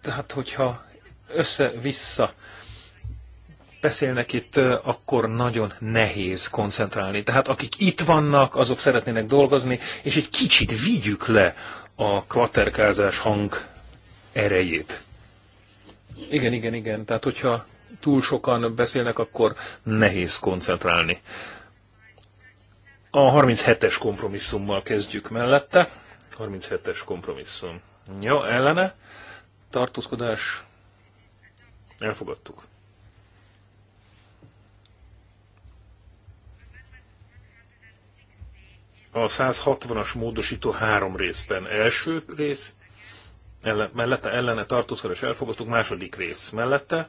Tehát, hogyha össze-vissza beszélnek itt, akkor nagyon nehéz koncentrálni. Tehát akik itt vannak, azok szeretnének dolgozni, és egy kicsit vigyük le a kvaterkázás hang erejét. Igen, igen, igen. Tehát hogyha túl sokan beszélnek, akkor nehéz koncentrálni. A 37-es kompromisszummal kezdjük mellette. 37-es kompromisszum. Jó, ellene. Tartózkodás Elfogadtuk. A 160-as módosító három részben. Első rész, mellette ellene tartózkodás elfogadtuk, második rész mellette,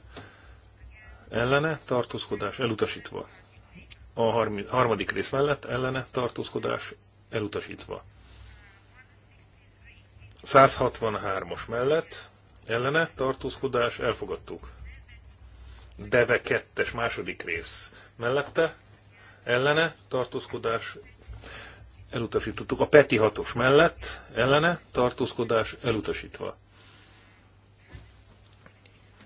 ellene tartózkodás elutasítva. A harmadik rész mellett ellene tartózkodás elutasítva. 163-as mellett ellene tartózkodás elfogadtuk. Deve 2 második rész mellette, ellene, tartózkodás, elutasítottuk. A Peti 6 mellett, ellene, tartózkodás, elutasítva.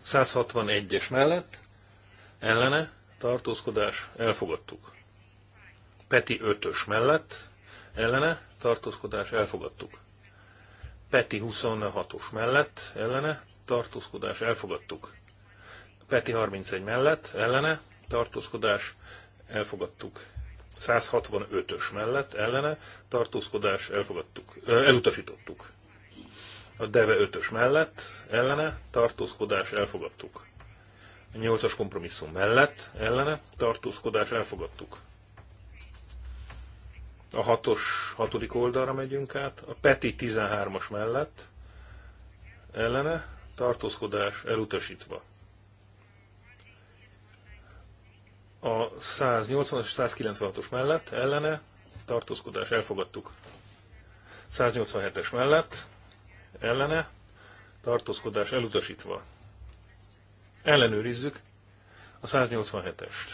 161-es mellett, ellene, tartózkodás, elfogadtuk. Peti 5-ös mellett, ellene, tartózkodás, elfogadtuk. Peti 26-os mellett, ellene, tartózkodás, elfogadtuk. Peti 31 mellett, ellene, tartózkodás, elfogadtuk. 165-ös mellett, ellene, tartózkodás, elfogadtuk, elutasítottuk. A Deve 5-ös mellett, ellene, tartózkodás, elfogadtuk. A 8-as kompromisszum mellett, ellene, tartózkodás, elfogadtuk. A 6-os, 6. oldalra megyünk át. A Peti 13-as mellett, ellene, tartózkodás, elutasítva. a 180-as és 196-os mellett ellene tartózkodás elfogadtuk. 187-es mellett ellene tartózkodás elutasítva. Ellenőrizzük a 187-est.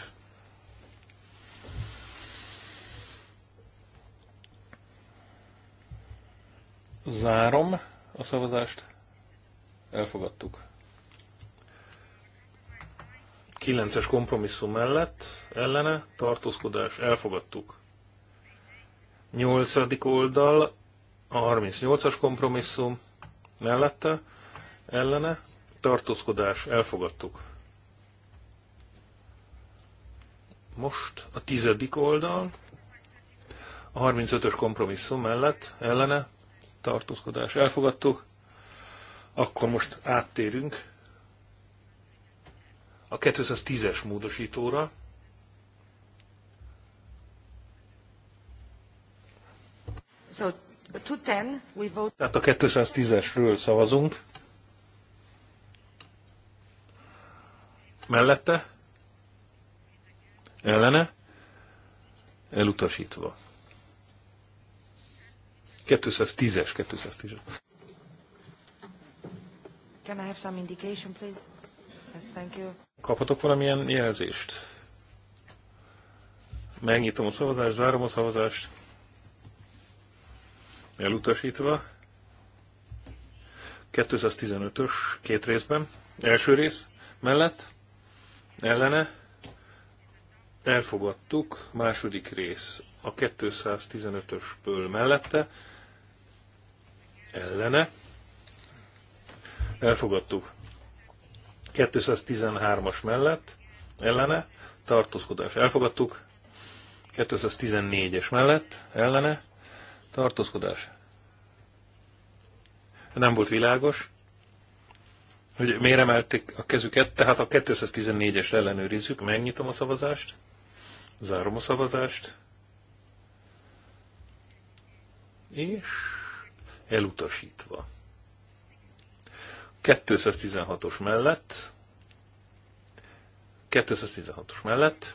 Zárom a szavazást. Elfogadtuk. 9-es kompromisszum mellett ellene tartózkodás elfogadtuk. 8. oldal a 38-as kompromisszum mellette ellene tartózkodás elfogadtuk. Most a tizedik oldal, a 35-ös kompromisszum mellett ellene tartózkodás elfogadtuk. Akkor most áttérünk a 210-es módosítóra. So, to ten, we vote... Tehát a 210-esről szavazunk. Mellette? Ellene? Elutasítva. 210-es, 210-es. Can I have some indication, please? Yes, thank you. Kaphatok valamilyen jelzést? Megnyitom a szavazást, zárom a szavazást. Elutasítva. 215-ös két részben. Első rész mellett. Ellene. Elfogadtuk. Második rész a 215-ösből mellette. Ellene. Elfogadtuk. 213-as mellett ellene tartózkodás elfogadtuk, 214-es mellett ellene tartózkodás. Nem volt világos, hogy miért emelték a kezüket, tehát a 214-es ellenőrizzük, megnyitom a szavazást, zárom a szavazást, és elutasítva. 216-os mellett, 216-os mellett,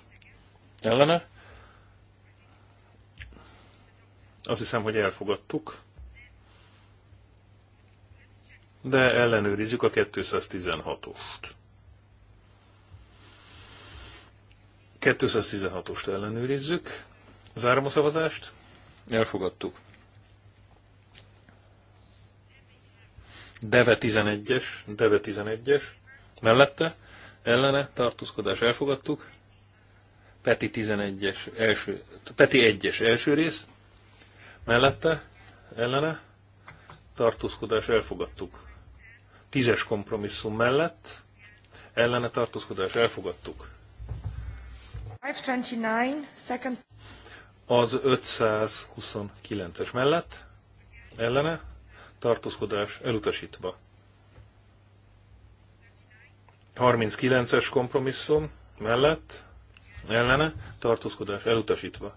ellene. Azt hiszem, hogy elfogadtuk, de ellenőrizzük a 216-ost. 216-ost ellenőrizzük. Zárom a szavazást. Elfogadtuk. Deve 11-es, Deve 11-es, mellette, ellene, tartózkodás elfogadtuk. Peti 11-es, első, Peti 1-es, első rész, mellette, ellene, tartózkodás elfogadtuk. Tízes kompromisszum mellett, ellene tartózkodás elfogadtuk. 529, second. Az 529-es mellett, ellene, tartózkodás elutasítva. 39-es kompromisszum mellett, ellene, tartózkodás elutasítva.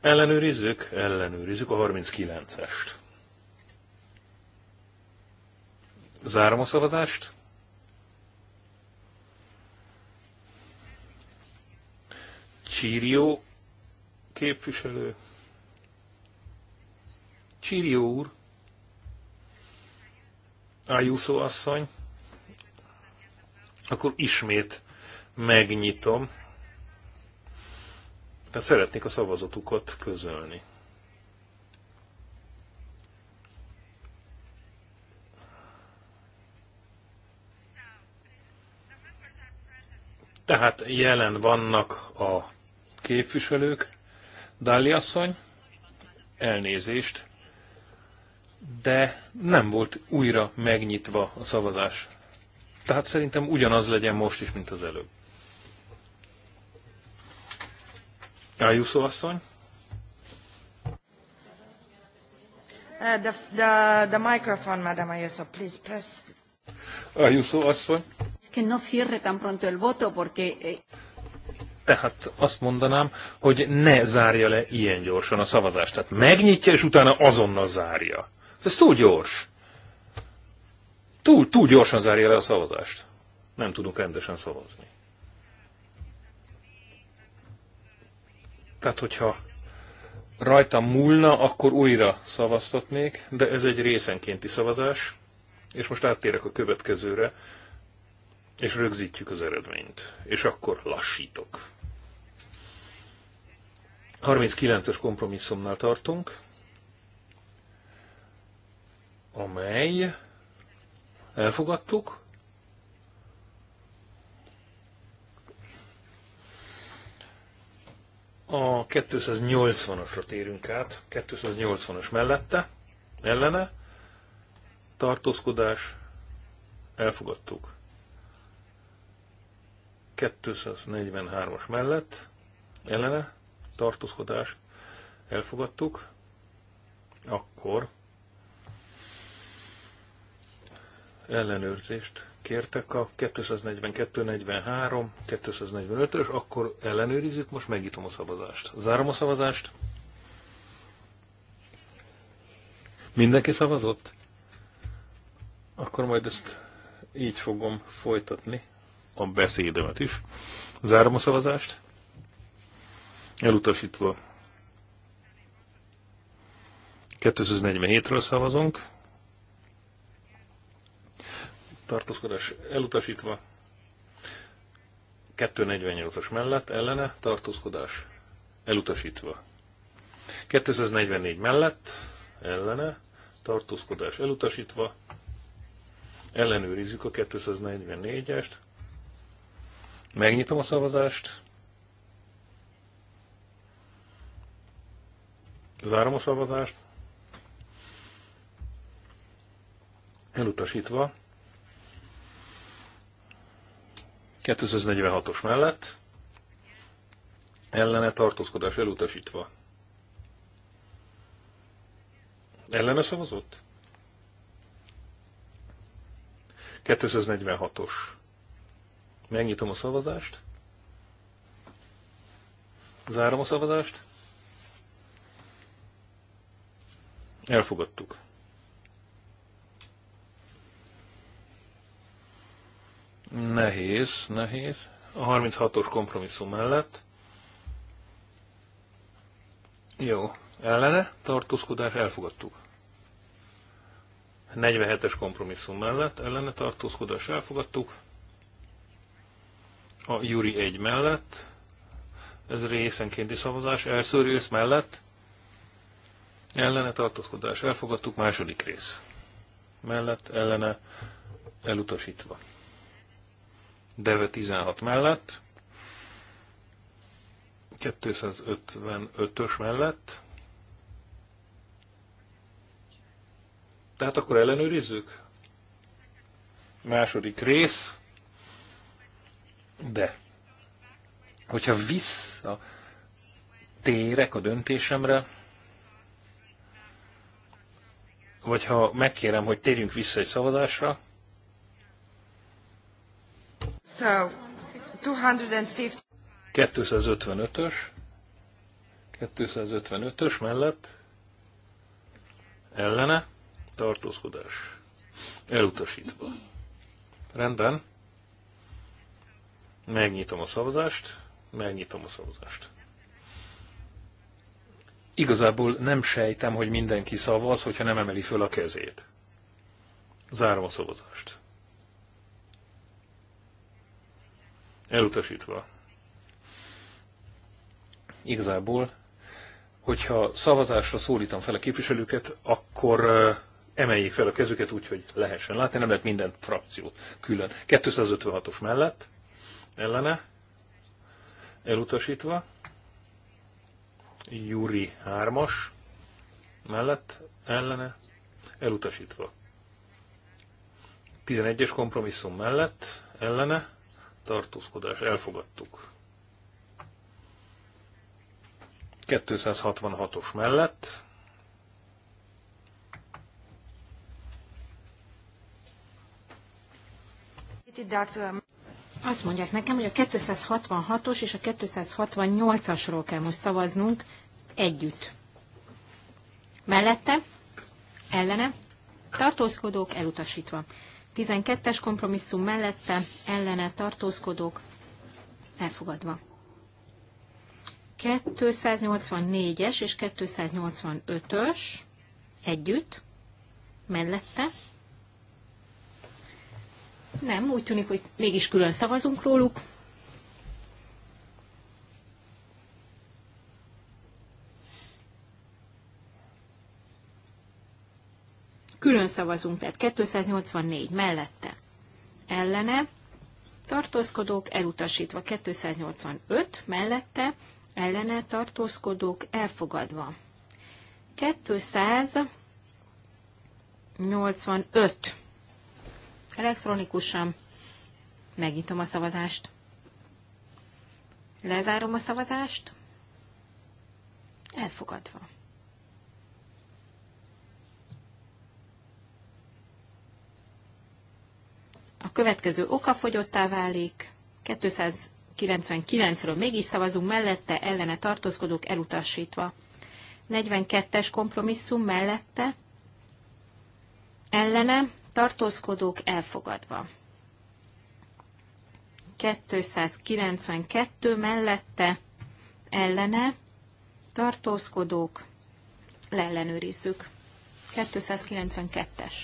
Ellenőrizzük, ellenőrizzük a 39-est. Zárom a szavazást. Csírió képviselő. Csírió úr. Ájúszó asszony, akkor ismét megnyitom. Tehát szeretnék a szavazatukat közölni. Tehát jelen vannak a képviselők. Dáli asszony, elnézést de nem volt újra megnyitva a szavazás. Tehát szerintem ugyanaz legyen most is, mint az előbb. Ájúszó asszony? Uh, the, the, the microphone, Madam Ayuso, please press. Ayuso asszony. Es que no cierre tan pronto el voto porque... Eh, Tehát azt mondanám, hogy ne zárja le ilyen gyorsan a szavazást. Tehát megnyitja, és utána azonnal zárja. Ez túl gyors. Túl, túl gyorsan zárja le a szavazást. Nem tudunk rendesen szavazni. Tehát, hogyha rajta múlna, akkor újra szavaztatnék, de ez egy részenkénti szavazás, és most áttérek a következőre, és rögzítjük az eredményt, és akkor lassítok. 39-es kompromisszumnál tartunk amely elfogadtuk, a 280-asra térünk át, 280-as mellette, ellene, tartózkodás, elfogadtuk. 243-as mellett, ellene, tartózkodás, elfogadtuk, akkor ellenőrzést kértek a 242-43, 245-ös, akkor ellenőrizzük, most megnyitom a szavazást. Zárom a szavazást. Mindenki szavazott? Akkor majd ezt így fogom folytatni, a beszédemet is. Zárom a szavazást. Elutasítva 247-ről szavazunk tartózkodás elutasítva, 248-as mellett ellene tartózkodás elutasítva. 244 mellett ellene tartózkodás elutasítva, ellenőrizzük a 244-est, megnyitom a szavazást, zárom a szavazást, elutasítva, 246-os mellett ellene tartózkodás elutasítva. Ellene szavazott? 246-os. Megnyitom a szavazást. Zárom a szavazást. Elfogadtuk. Nehéz, nehéz. A 36-os kompromisszum mellett. Jó. Ellene tartózkodás elfogadtuk. 47-es kompromisszum mellett ellene tartózkodás elfogadtuk. A Juri 1 mellett. Ez részenkénti szavazás. Első rész mellett. Ellene tartózkodás elfogadtuk. Második rész mellett ellene elutasítva. Deve 16 mellett, 255-ös mellett. Tehát akkor ellenőrizzük? Második rész, de hogyha vissza térek a döntésemre, vagy ha megkérem, hogy térjünk vissza egy szavazásra, So, 255. 255-ös. 255-ös mellett ellene tartózkodás elutasítva. Rendben. Megnyitom a szavazást. Megnyitom a szavazást. Igazából nem sejtem, hogy mindenki szavaz, hogyha nem emeli föl a kezét. Zárom a szavazást. elutasítva. Igazából, hogyha szavazásra szólítom fel a képviselőket, akkor emeljék fel a kezüket úgy, hogy lehessen látni, nem lehet minden frakciót külön. 256-os mellett, ellene, elutasítva, Juri 3-as, mellett, ellene, elutasítva. 11-es kompromisszum mellett, ellene, tartózkodás elfogadtuk. 266-os mellett Azt mondják nekem, hogy a 266-os és a 268-asról kell most szavaznunk együtt. Mellette, ellene, tartózkodók elutasítva. 12-es kompromisszum mellette ellene tartózkodók elfogadva. 284-es és 285-ös együtt, mellette. Nem, úgy tűnik, hogy mégis külön szavazunk róluk. külön szavazunk, tehát 284 mellette ellene, tartózkodók elutasítva 285 mellette, ellene tartózkodók elfogadva. 285 elektronikusan megnyitom a szavazást. Lezárom a szavazást. Elfogadva. A következő okafogyottá válik, 299-ről mégis szavazunk mellette, ellene tartózkodók elutasítva. 42-es kompromisszum mellette, ellene tartózkodók elfogadva. 292 mellette, ellene tartózkodók leellenőrizzük. 292-es.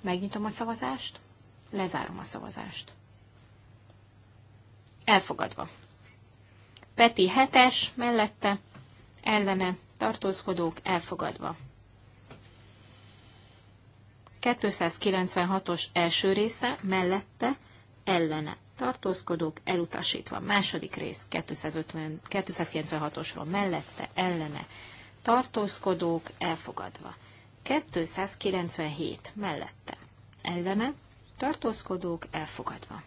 Megnyitom a szavazást, lezárom a szavazást. Elfogadva. Peti hetes mellette, ellene tartózkodók elfogadva. 296-os első része mellette, ellene tartózkodók elutasítva. Második rész 250, 296-osról mellette, ellene tartózkodók elfogadva. 297 mellette ellene tartózkodók elfogadva.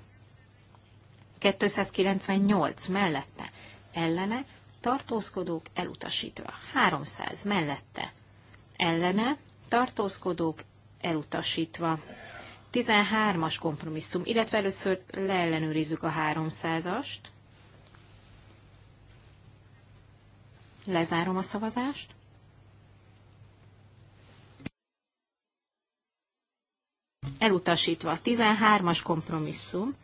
298 mellette ellene tartózkodók elutasítva. 300 mellette ellene tartózkodók elutasítva. 13-as kompromisszum, illetve először leellenőrizzük a 300-ast. Lezárom a szavazást. Elutasítva. 13-as kompromisszum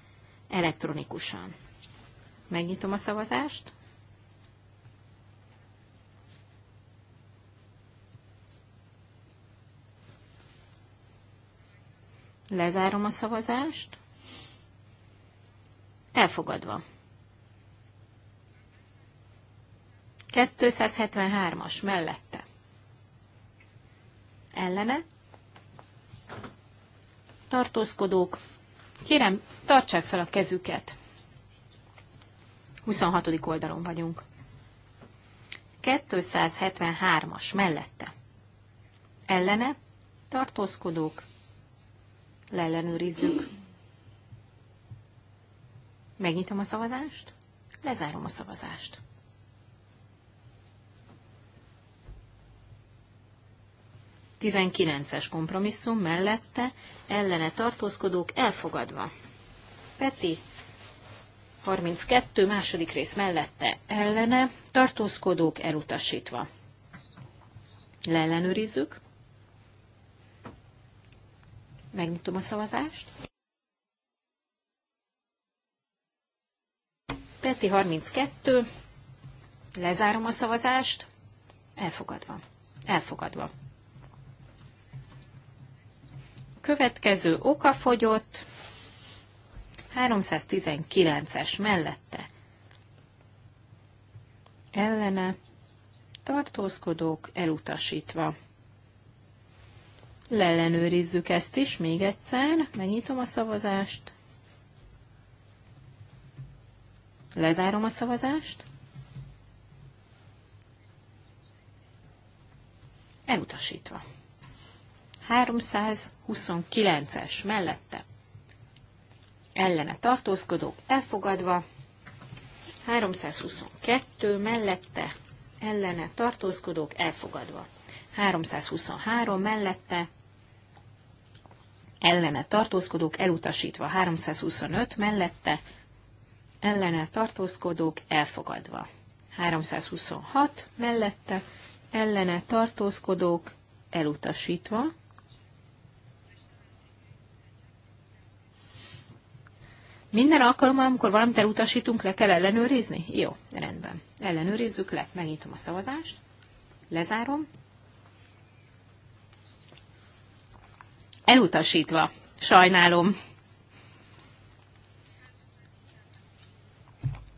elektronikusan. Megnyitom a szavazást. Lezárom a szavazást. Elfogadva. 273-as mellette. Ellene tartózkodók. Kérem, tartsák fel a kezüket. 26. oldalon vagyunk. 273-as mellette. Ellene tartózkodók. Leellenőrizzük. Megnyitom a szavazást. Lezárom a szavazást. 19-es kompromisszum mellette ellene tartózkodók elfogadva. Peti 32 második rész mellette ellene tartózkodók elutasítva. Leellenőrizzük. Megnyitom a szavazást. Peti 32. Lezárom a szavazást. Elfogadva. Elfogadva. következő okafogyott, 319-es mellette ellene tartózkodók elutasítva. Lellenőrizzük ezt is még egyszer, megnyitom a szavazást, lezárom a szavazást, elutasítva. 329-es mellette ellene tartózkodók elfogadva, 322 mellette ellene tartózkodók elfogadva, 323 mellette ellene tartózkodók elutasítva, 325 mellette ellene tartózkodók elfogadva, 326 mellette ellene tartózkodók elutasítva, Minden alkalommal, amikor valamit elutasítunk, le kell ellenőrizni? Jó, rendben. Ellenőrizzük le. Megnyitom a szavazást. Lezárom. Elutasítva. Sajnálom.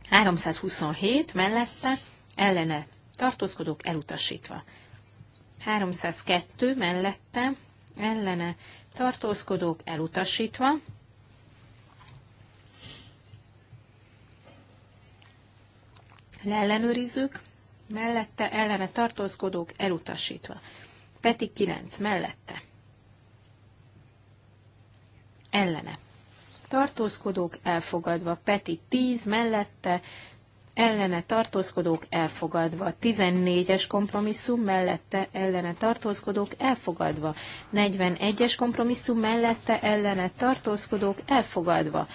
327 mellette ellene tartózkodók elutasítva. 302 mellette ellene tartózkodók elutasítva. leellenőrizzük, mellette ellene tartózkodók elutasítva. Peti 9 mellette. Ellene. Tartózkodók elfogadva. Peti 10 mellette. Ellene tartózkodók elfogadva. 14-es kompromisszum mellette ellene tartózkodók elfogadva. 41-es kompromisszum mellette ellene tartózkodók elfogadva.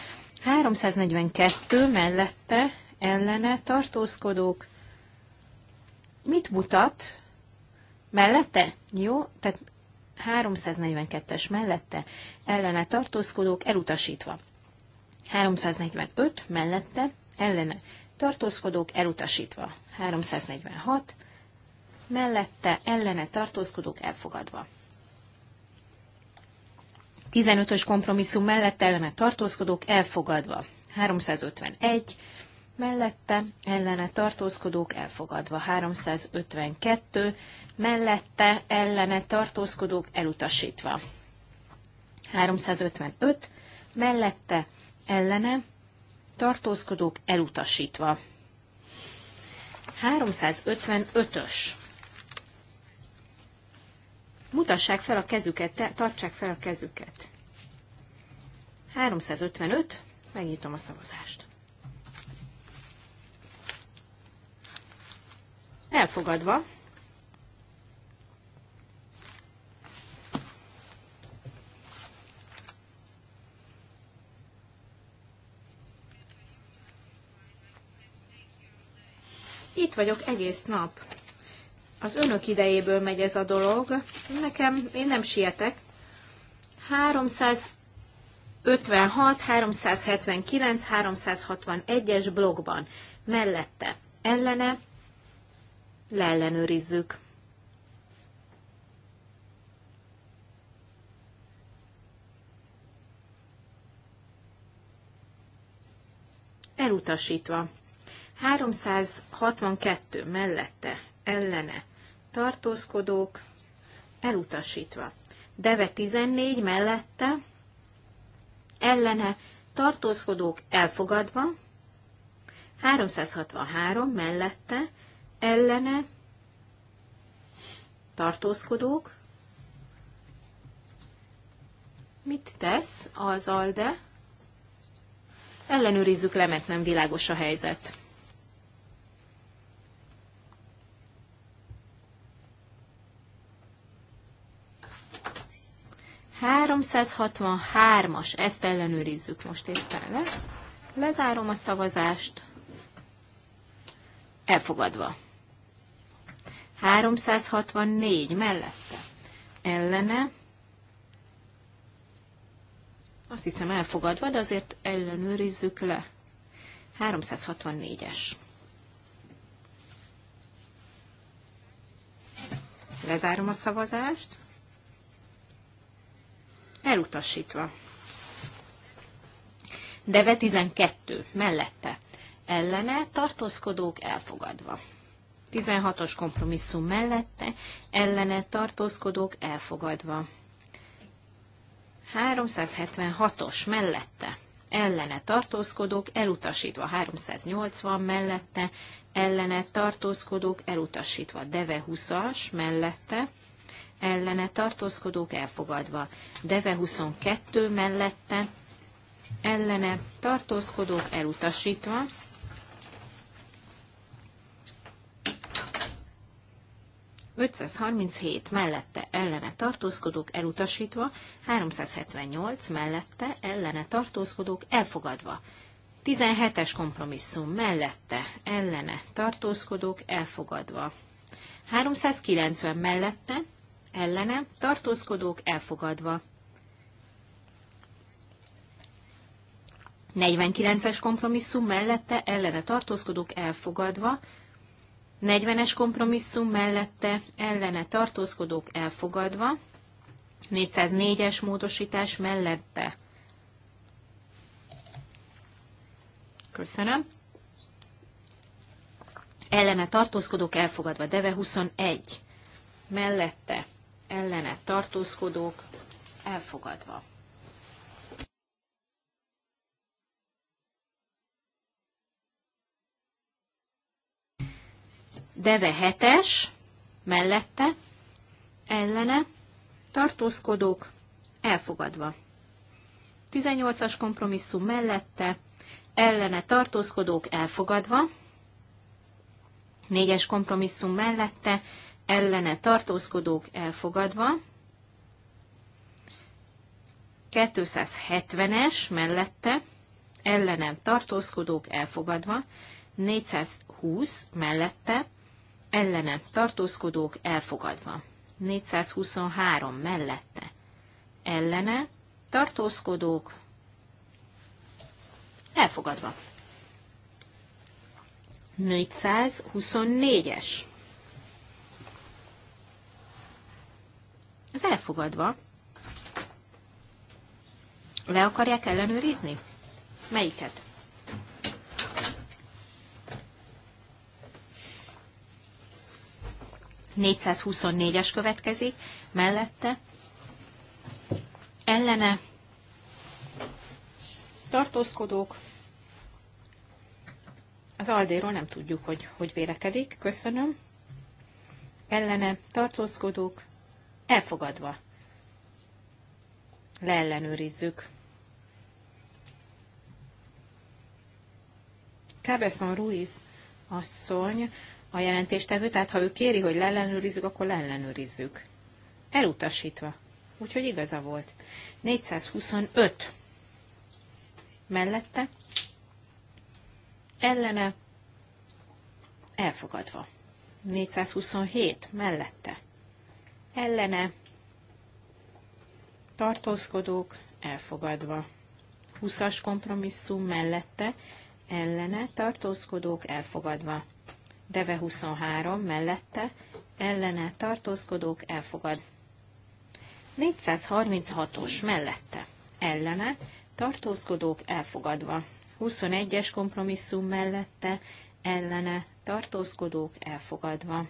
342 mellette ellene tartózkodók. Mit mutat? Mellette? Jó, tehát 342-es mellette ellene tartózkodók elutasítva. 345 mellette ellene tartózkodók elutasítva. 346 mellette ellene tartózkodók elfogadva. 15-ös kompromisszum mellett ellene tartózkodók elfogadva. 351 mellette, ellene tartózkodók elfogadva 352, mellette, ellene tartózkodók elutasítva 355, mellette, ellene tartózkodók elutasítva 355-ös. Mutassák fel a kezüket, tartsák fel a kezüket. 355, megnyitom a szavazást. Elfogadva. Itt vagyok egész nap. Az önök idejéből megy ez a dolog. Nekem, én nem sietek. 300 56, 379, 361-es blogban. Mellette ellene leellenőrizzük. Elutasítva. 362 mellette, ellene, tartózkodók, elutasítva. Deve 14 mellette, ellene, tartózkodók elfogadva, 363 mellette, ellene tartózkodók. Mit tesz az ALDE? Ellenőrizzük le, mert nem világos a helyzet. as ezt ellenőrizzük most éppen le. Lezárom a szavazást. Elfogadva. 364 mellette ellene. Azt hiszem elfogadva, de azért ellenőrizzük le. 364-es. Lezárom a szavazást. Elutasítva. Deve 12 mellette. Ellene tartózkodók elfogadva. 16-os kompromisszum mellette, ellene tartózkodók elfogadva. 376-os mellette, ellene tartózkodók elutasítva. 380 mellette, ellene tartózkodók elutasítva. Deve 20-as mellette, ellene tartózkodók elfogadva. Deve 22 mellette, ellene tartózkodók elutasítva. 537 mellette ellene tartózkodók elutasítva, 378 mellette ellene tartózkodók elfogadva. 17-es kompromisszum mellette ellene tartózkodók elfogadva. 390 mellette ellene tartózkodók elfogadva. 49-es kompromisszum mellette ellene tartózkodók elfogadva, 40-es kompromisszum mellette ellene tartózkodók elfogadva, 404-es módosítás mellette. Köszönöm. Ellene tartózkodók elfogadva, deve 21. Mellette ellene tartózkodók elfogadva. Deve hetes, mellette, ellene, tartózkodók, elfogadva. 18-as kompromisszum mellette, ellene tartózkodók elfogadva, 4-es kompromisszum mellette, ellene tartózkodók elfogadva, 270-es mellette, ellenem tartózkodók elfogadva, 420 mellette, ellene tartózkodók elfogadva. 423 mellette ellene tartózkodók elfogadva. 424-es. Ez elfogadva. Le akarják ellenőrizni? Melyiket? 424-es következik, mellette, ellene, tartózkodók, az Aldéról nem tudjuk, hogy hogy vélekedik, köszönöm, ellene, tartózkodók, elfogadva, leellenőrizzük. Cabezon Ruiz asszony a jelentéstevő, tehát ha ő kéri, hogy leellenőrizzük, akkor leellenőrizzük. Elutasítva. Úgyhogy igaza volt. 425 mellette, ellene, elfogadva. 427 mellette, ellene, tartózkodók, elfogadva. 20-as kompromisszum mellette, ellene, tartózkodók, elfogadva. Deve 23 mellette ellene tartózkodók elfogad. 436-os mellette ellene tartózkodók elfogadva. 21-es kompromisszum mellette ellene tartózkodók elfogadva.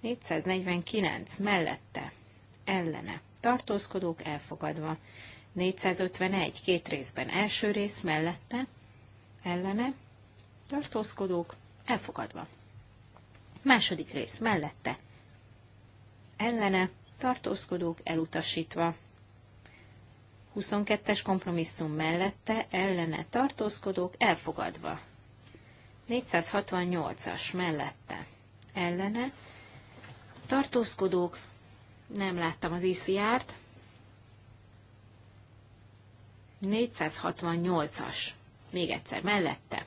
449 mellette ellene tartózkodók elfogadva. 451 két részben első rész mellette ellene tartózkodók Elfogadva. Második rész mellette. Ellene tartózkodók elutasítva. 22-es kompromisszum mellette ellene tartózkodók elfogadva. 468-as mellette ellene tartózkodók, nem láttam az ICR-t, 468-as, még egyszer mellette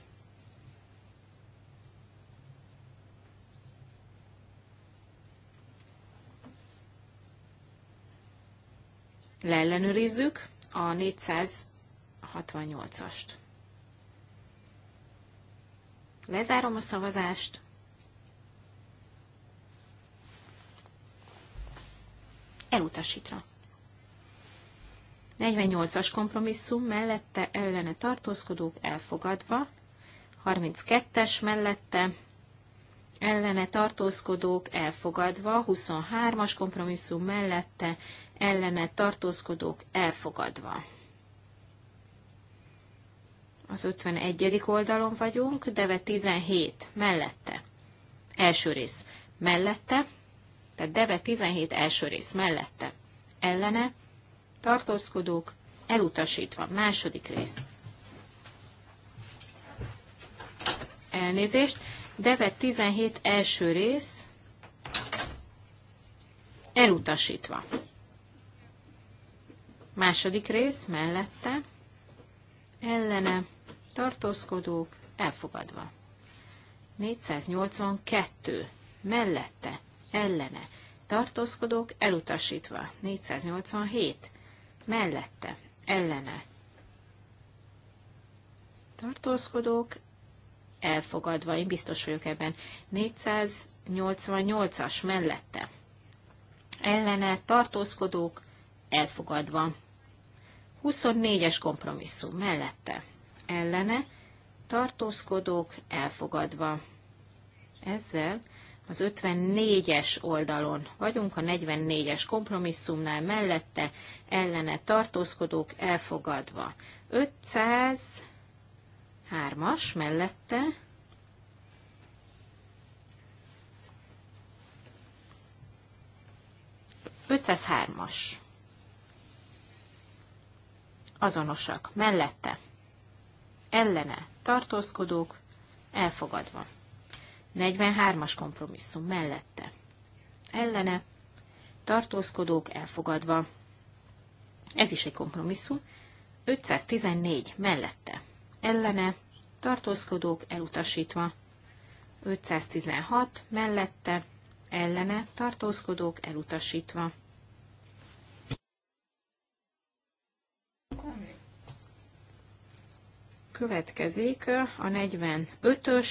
leellenőrizzük a 468-ast. Lezárom a szavazást. Elutasítra. 48-as kompromisszum mellette ellene tartózkodók elfogadva, 32-es mellette ellene tartózkodók elfogadva, 23-as kompromisszum mellette ellene tartózkodók elfogadva. Az 51. oldalon vagyunk, deve 17 mellette. Első rész mellette, tehát deve 17 első rész mellette. Ellene tartózkodók elutasítva. Második rész. Elnézést. Deve 17 első rész elutasítva. Második rész mellette ellene tartózkodók elfogadva. 482 mellette ellene tartózkodók elutasítva. 487 mellette ellene tartózkodók elfogadva. Én biztos vagyok ebben. 488-as mellette ellene tartózkodók elfogadva. 24-es kompromisszum mellette, ellene, tartózkodók elfogadva. Ezzel az 54-es oldalon vagyunk, a 44-es kompromisszumnál mellette, ellene tartózkodók elfogadva. 503-as mellette, as azonosak, mellette, ellene, tartózkodók, elfogadva. 43-as kompromisszum mellette, ellene, tartózkodók, elfogadva. Ez is egy kompromisszum. 514 mellette, ellene, tartózkodók, elutasítva. 516 mellette, ellene, tartózkodók, elutasítva. következik a 45-ös,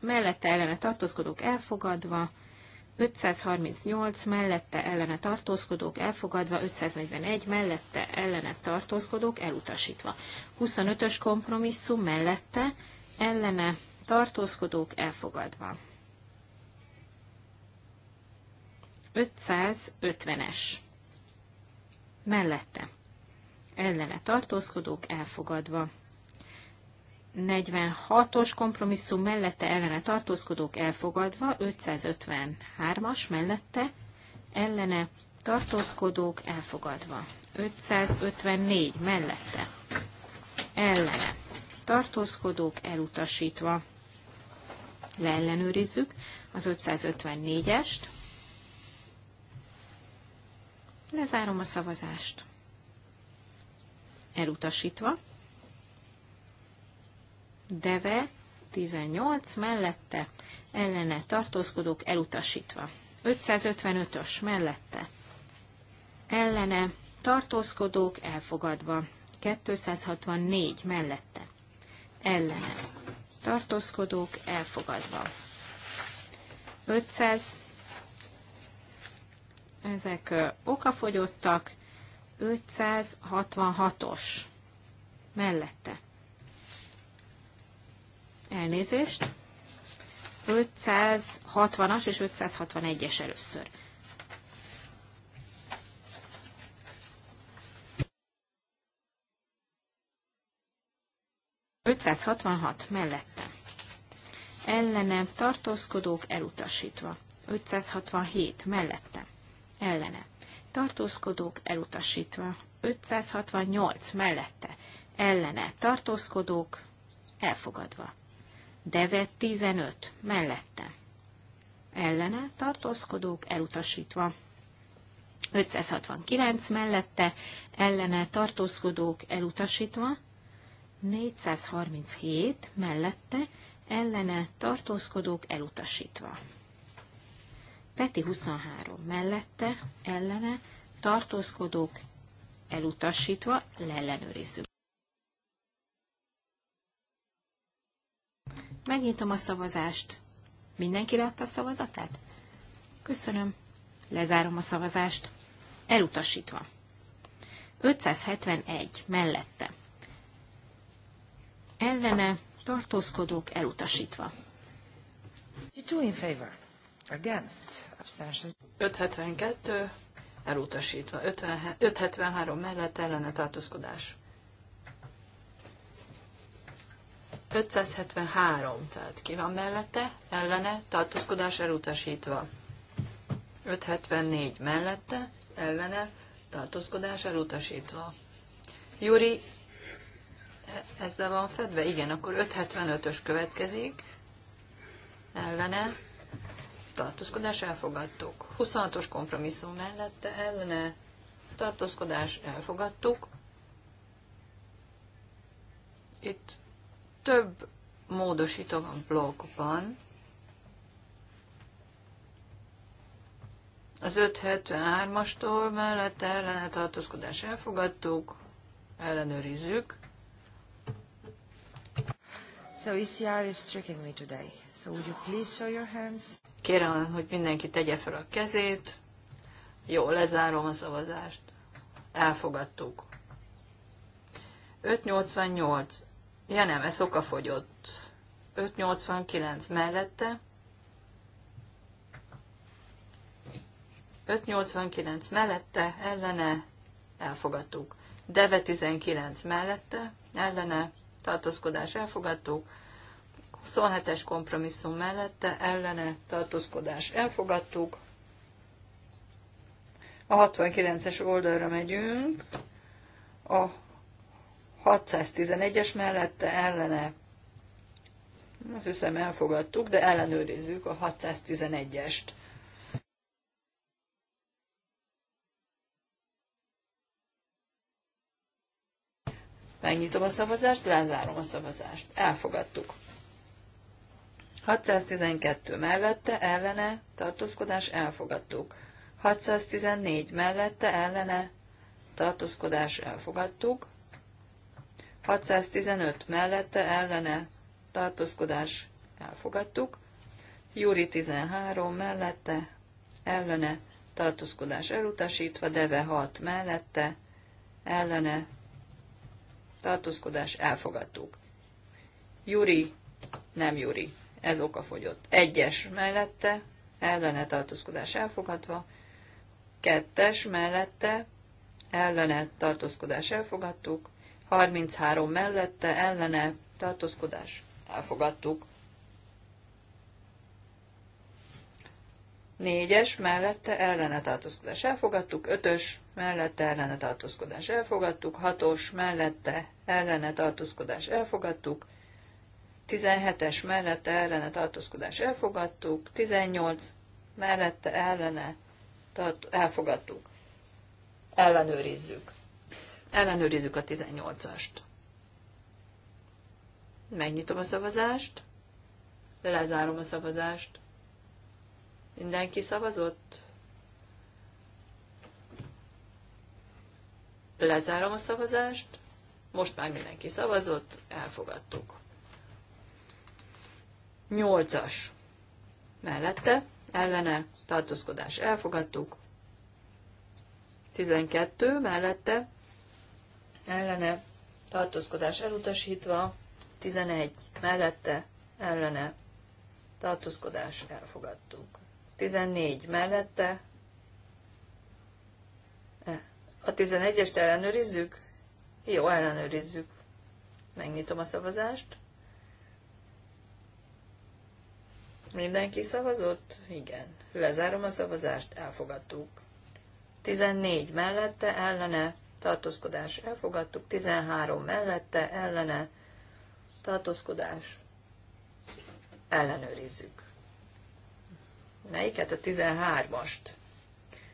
mellette ellene tartózkodók elfogadva, 538 mellette ellene tartózkodók elfogadva, 541 mellette ellene tartózkodók elutasítva. 25-ös kompromisszum mellette ellene tartózkodók elfogadva. 550-es mellette ellene tartózkodók elfogadva. 46-os kompromisszum mellette ellene tartózkodók elfogadva, 553-as mellette ellene tartózkodók elfogadva, 554 mellette ellene tartózkodók elutasítva. Leellenőrizzük az 554-est. Lezárom a szavazást. Elutasítva. Deve 18 mellette, ellene tartózkodók elutasítva. 555-ös mellette, ellene tartózkodók elfogadva. 264 mellette, ellene tartózkodók elfogadva. 500 ezek okafogyottak, 566-os mellette Elnézést. 560-as és 561-es először. ...566 mellette. Ellene tartózkodók elutasítva. 567 mellette. Ellene tartózkodók elutasítva. 568 mellette. Ellene tartózkodók elfogadva. Devet 15 mellette. Ellene tartózkodók elutasítva. 569 mellette ellene tartózkodók elutasítva, 437 mellette ellene tartózkodók elutasítva. Peti 23 mellette ellene tartózkodók elutasítva leellenőrizzük. Megnyitom a szavazást. Mindenki látta a szavazatát? Köszönöm. Lezárom a szavazást. Elutasítva. 571 mellette. Ellene tartózkodók elutasítva. 572 elutasítva. 573 mellett ellene tartózkodás 573, tehát ki van mellette, ellene, tartózkodás elutasítva. 574 mellette, ellene, tartózkodás elutasítva. Juri, ez le van fedve? Igen, akkor 575-ös következik, ellene, tartózkodás elfogadtuk. 26-os kompromisszum mellette, ellene, tartózkodás elfogadtuk. Itt több módosító van blogban. Az 573-astól mellette ellene tartózkodás elfogadtuk, ellenőrizzük. So ECR is tricking me today. So would you please show your hands? Kérem, hogy mindenki tegye fel a kezét. Jó, lezárom a szavazást. Elfogadtuk. 588 Ja nem, ez okafogyott. 589 mellette. 589 mellette, ellene, elfogadtuk. Deve 19 mellette, ellene, tartózkodás elfogadtuk. 27-es kompromisszum mellette, ellene, tartózkodás elfogadtuk. A 69-es oldalra megyünk. A 611-es mellette ellene, azt hiszem elfogadtuk, de ellenőrizzük a 611-est. Megnyitom a szavazást, lezárom a szavazást. Elfogadtuk. 612 mellette, ellene, tartózkodás, elfogadtuk. 614 mellette, ellene, tartózkodás, elfogadtuk. 615 mellette ellene tartózkodás elfogadtuk. Júri 13 mellette ellene tartózkodás elutasítva, Deve 6 mellette ellene tartózkodás elfogadtuk. Júri, nem Júri, ez okafogyott. Egyes mellette ellene tartózkodás elfogadva, kettes mellette ellene tartózkodás elfogadtuk, 33 mellette, ellene, tartózkodás, elfogadtuk. Négyes mellette ellene tartózkodás elfogadtuk, ötös mellette ellene tartózkodás elfogadtuk, hatos mellette ellene tartózkodás elfogadtuk, 17-es mellette ellene tartózkodás elfogadtuk, 18 mellette ellene tart- elfogadtuk. Ellenőrizzük. Ellenőrizzük a 18-ast. Megnyitom a szavazást. Lezárom a szavazást. Mindenki szavazott? Lezárom a szavazást. Most már mindenki szavazott, elfogadtuk. 8-as. Mellette, ellene, tartózkodás elfogadtuk. 12 mellette, ellene tartózkodás elutasítva, 11 mellette ellene tartózkodás elfogadtuk. 14 mellette eh, a 11-est ellenőrizzük? Jó, ellenőrizzük. Megnyitom a szavazást. Mindenki szavazott? Igen. Lezárom a szavazást, elfogadtuk. 14 mellette, ellene, tartózkodás elfogadtuk, 13 mellette, ellene, tartózkodás, ellenőrizzük. Melyiket? A 13-ast.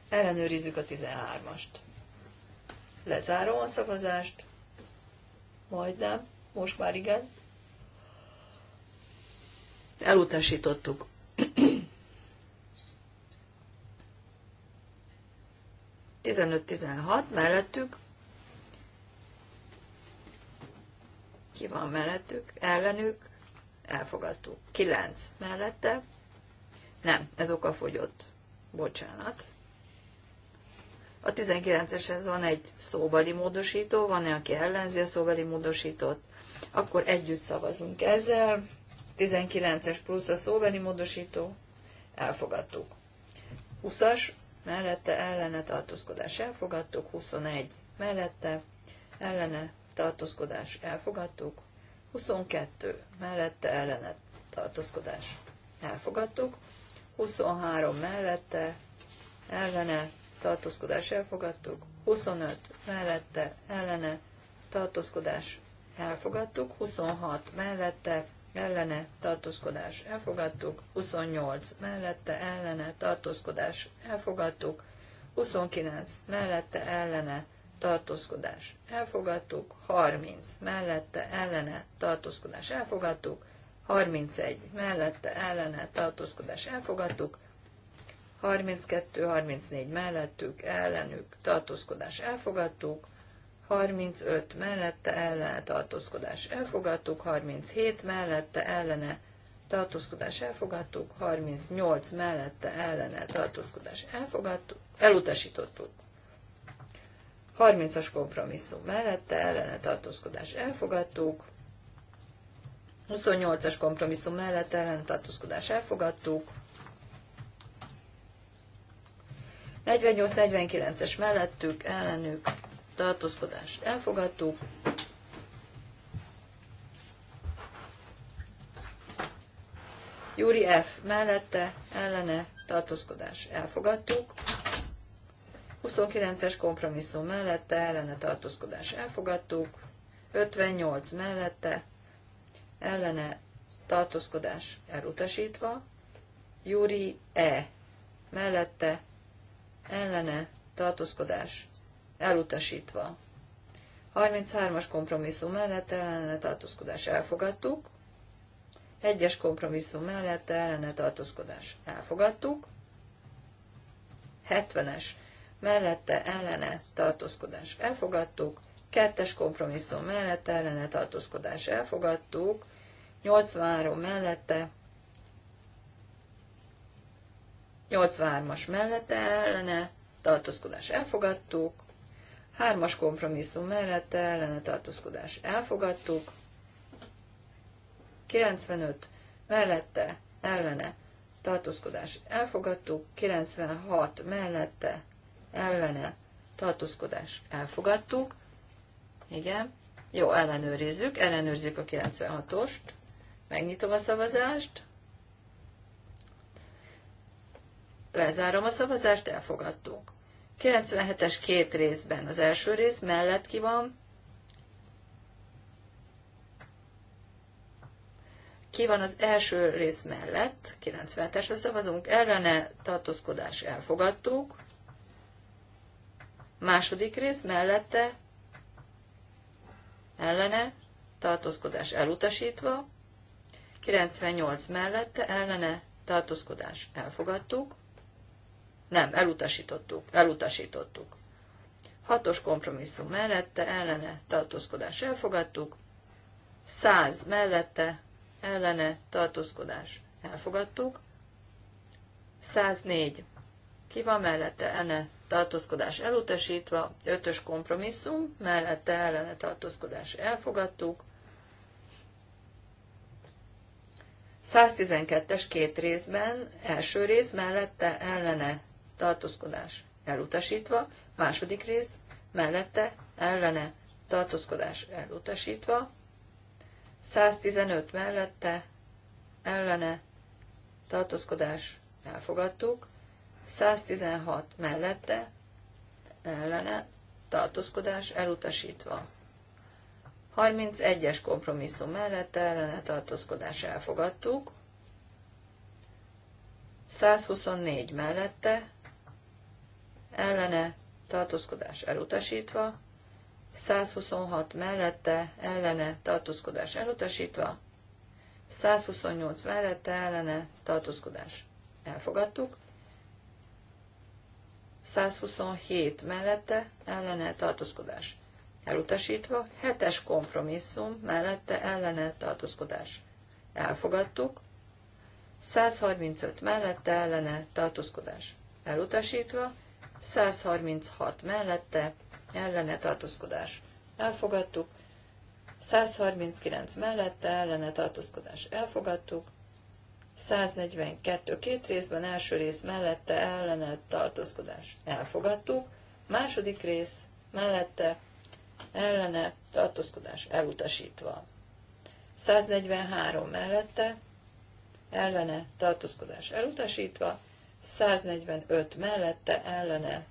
Ellenőrizzük a 13-ast. Lezárom a szavazást. Majdnem. Most már igen. Elutasítottuk. 15-16 mellettük, ki van mellettük, ellenük, elfogadtuk. 9 mellette, nem, ez oka fogyott, bocsánat. A 19-eshez van egy szóbeli módosító, van -e, aki ellenzi a szóbeli módosítót, akkor együtt szavazunk ezzel. 19-es plusz a szóbeli módosító, elfogadtuk. 20-as mellette ellene tartózkodás elfogadtuk, 21 mellette ellene tartózkodás elfogadtuk, 22 mellette ellene tartózkodás elfogadtuk, 23 mellette ellene tartózkodás elfogadtuk, 25 mellette ellene tartózkodás elfogadtuk, 26 mellette ellene tartózkodás elfogadtuk, 28 mellette ellene tartózkodás elfogadtuk, 29 mellette ellene tartózkodás elfogadtuk, 30 mellette ellene tartózkodás elfogadtuk, 31 mellette ellene tartózkodás elfogadtuk, 32-34 mellettük ellenük tartózkodás elfogadtuk, 35 mellette ellene tartózkodás elfogadtuk, 37 mellette ellene tartózkodás elfogadtuk, 38 mellette ellene tartózkodás elfogadtuk, elutasítottuk. 30-as kompromisszum mellette ellene tartózkodás elfogadtuk, 28-as kompromisszum mellette ellene tartózkodás elfogadtuk, 48-49-es mellettük, ellenük tartózkodás elfogadtuk. Júri F. mellette, ellene, tartózkodás elfogadtuk. 29-es kompromisszum mellette, ellene tartózkodás elfogadtuk. 58 mellette, ellene tartózkodás elutasítva. Júri E. mellette, ellene tartózkodás elutasítva. 33-as kompromisszum mellett ellene tartózkodás elfogadtuk. 1-es kompromisszum mellett ellene tartózkodás elfogadtuk. 70-es mellette ellene tartózkodás elfogadtuk. 2-es kompromisszum mellette ellene tartózkodás elfogadtuk. 83 mellette 83-as mellette ellene tartózkodás elfogadtuk. Hármas kompromisszum mellette ellene tartózkodás elfogadtuk. 95 mellette ellene tartózkodás elfogadtuk. 96 mellette ellene tartózkodás elfogadtuk. Igen. Jó, ellenőrizzük. Ellenőrzik a 96-ost. Megnyitom a szavazást. Lezárom a szavazást, elfogadtuk. 97-es két részben. Az első rész mellett ki van. Ki van az első rész mellett? 97-esre szavazunk. Ellene tartózkodás elfogadtuk. Második rész mellette ellene tartózkodás elutasítva. 98 mellette ellene tartózkodás elfogadtuk. Nem, elutasítottuk, elutasítottuk. Hatos kompromisszum mellette, ellene, tartózkodás elfogadtuk. Száz mellette, ellene, tartózkodás elfogadtuk. 104. Ki van mellette, ellene, tartózkodás elutasítva. Ötös kompromisszum, mellette, ellene, tartózkodás elfogadtuk. 112-es két részben, első rész mellette, ellene, tartózkodás elutasítva, második rész mellette ellene tartózkodás elutasítva, 115 mellette ellene tartózkodás elfogadtuk, 116 mellette ellene tartózkodás elutasítva. 31-es kompromisszum mellett ellene tartózkodás elfogadtuk, 124 mellette ellene tartózkodás elutasítva, 126 mellette ellene tartózkodás elutasítva, 128 mellette ellene tartózkodás elfogadtuk, 127 mellette ellene tartózkodás elutasítva, 7-es kompromisszum mellette ellene tartózkodás elfogadtuk, 135 mellette ellene tartózkodás elutasítva, 136 mellette, ellene tartózkodás elfogadtuk, 139 mellette, ellene tartózkodás elfogadtuk, 142 két részben, első rész mellette, ellene tartózkodás elfogadtuk, második rész mellette, ellene tartózkodás elutasítva. 143 mellette, ellene tartózkodás elutasítva, 145 mellette ellene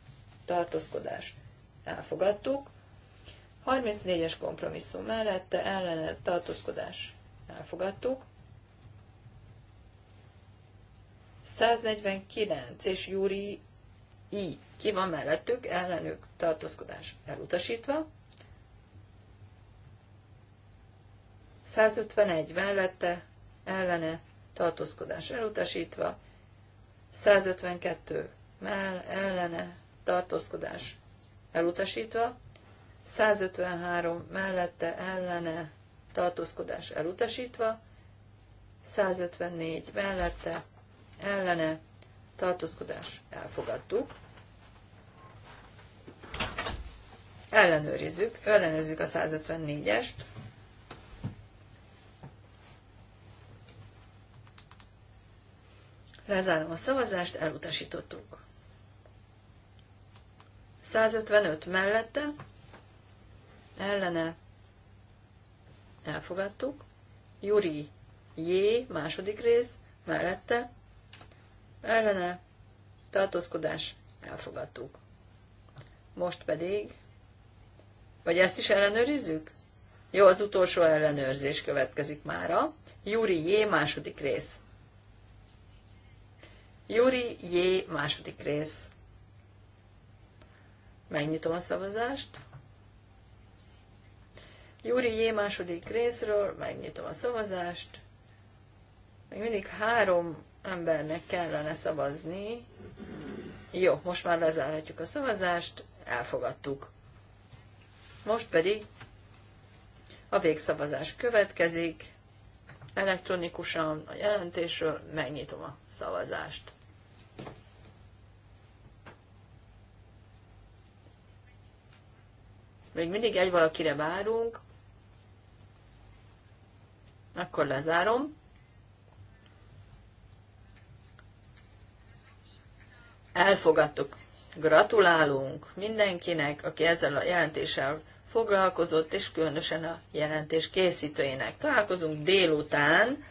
tartózkodás elfogadtuk, 34-es kompromisszum mellette ellene tartózkodás elfogadtuk, 149 és Júri I. Ki van mellettük, ellenük tartózkodás elutasítva. 151 mellette, ellene tartózkodás elutasítva. 152 mell ellene tartózkodás elutasítva, 153 mellette ellene tartózkodás elutasítva, 154 mellette ellene tartózkodás elfogadtuk. Ellenőrizzük, ellenőrizzük a 154-est. Lezárom a szavazást, elutasítottuk. 155 mellette, ellene elfogadtuk. Juri J. második rész mellette, ellene tartózkodás elfogadtuk. Most pedig, vagy ezt is ellenőrizzük? Jó, az utolsó ellenőrzés következik mára. Júri J. második rész. Júri J. második rész. Megnyitom a szavazást. Júri J. második részről megnyitom a szavazást. Még mindig három embernek kellene szavazni. Jó, most már lezárhatjuk a szavazást, elfogadtuk. Most pedig a végszavazás következik. Elektronikusan a jelentésről megnyitom a szavazást. Még mindig egy valakire várunk. Akkor lezárom. Elfogadtuk. Gratulálunk mindenkinek, aki ezzel a jelentéssel foglalkozott, és különösen a jelentés készítőjének. Találkozunk délután.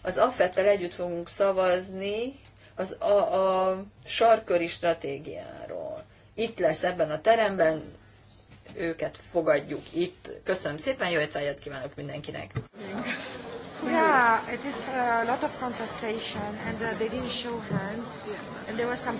Az AFET-tel együtt fogunk szavazni az a, a sarköri stratégiáról. Itt lesz ebben a teremben, őket fogadjuk itt. Köszönöm szépen, jó étvágyat kívánok mindenkinek! Yeah, it is a lot of contestation and uh, they didn't show hands yes. and there was some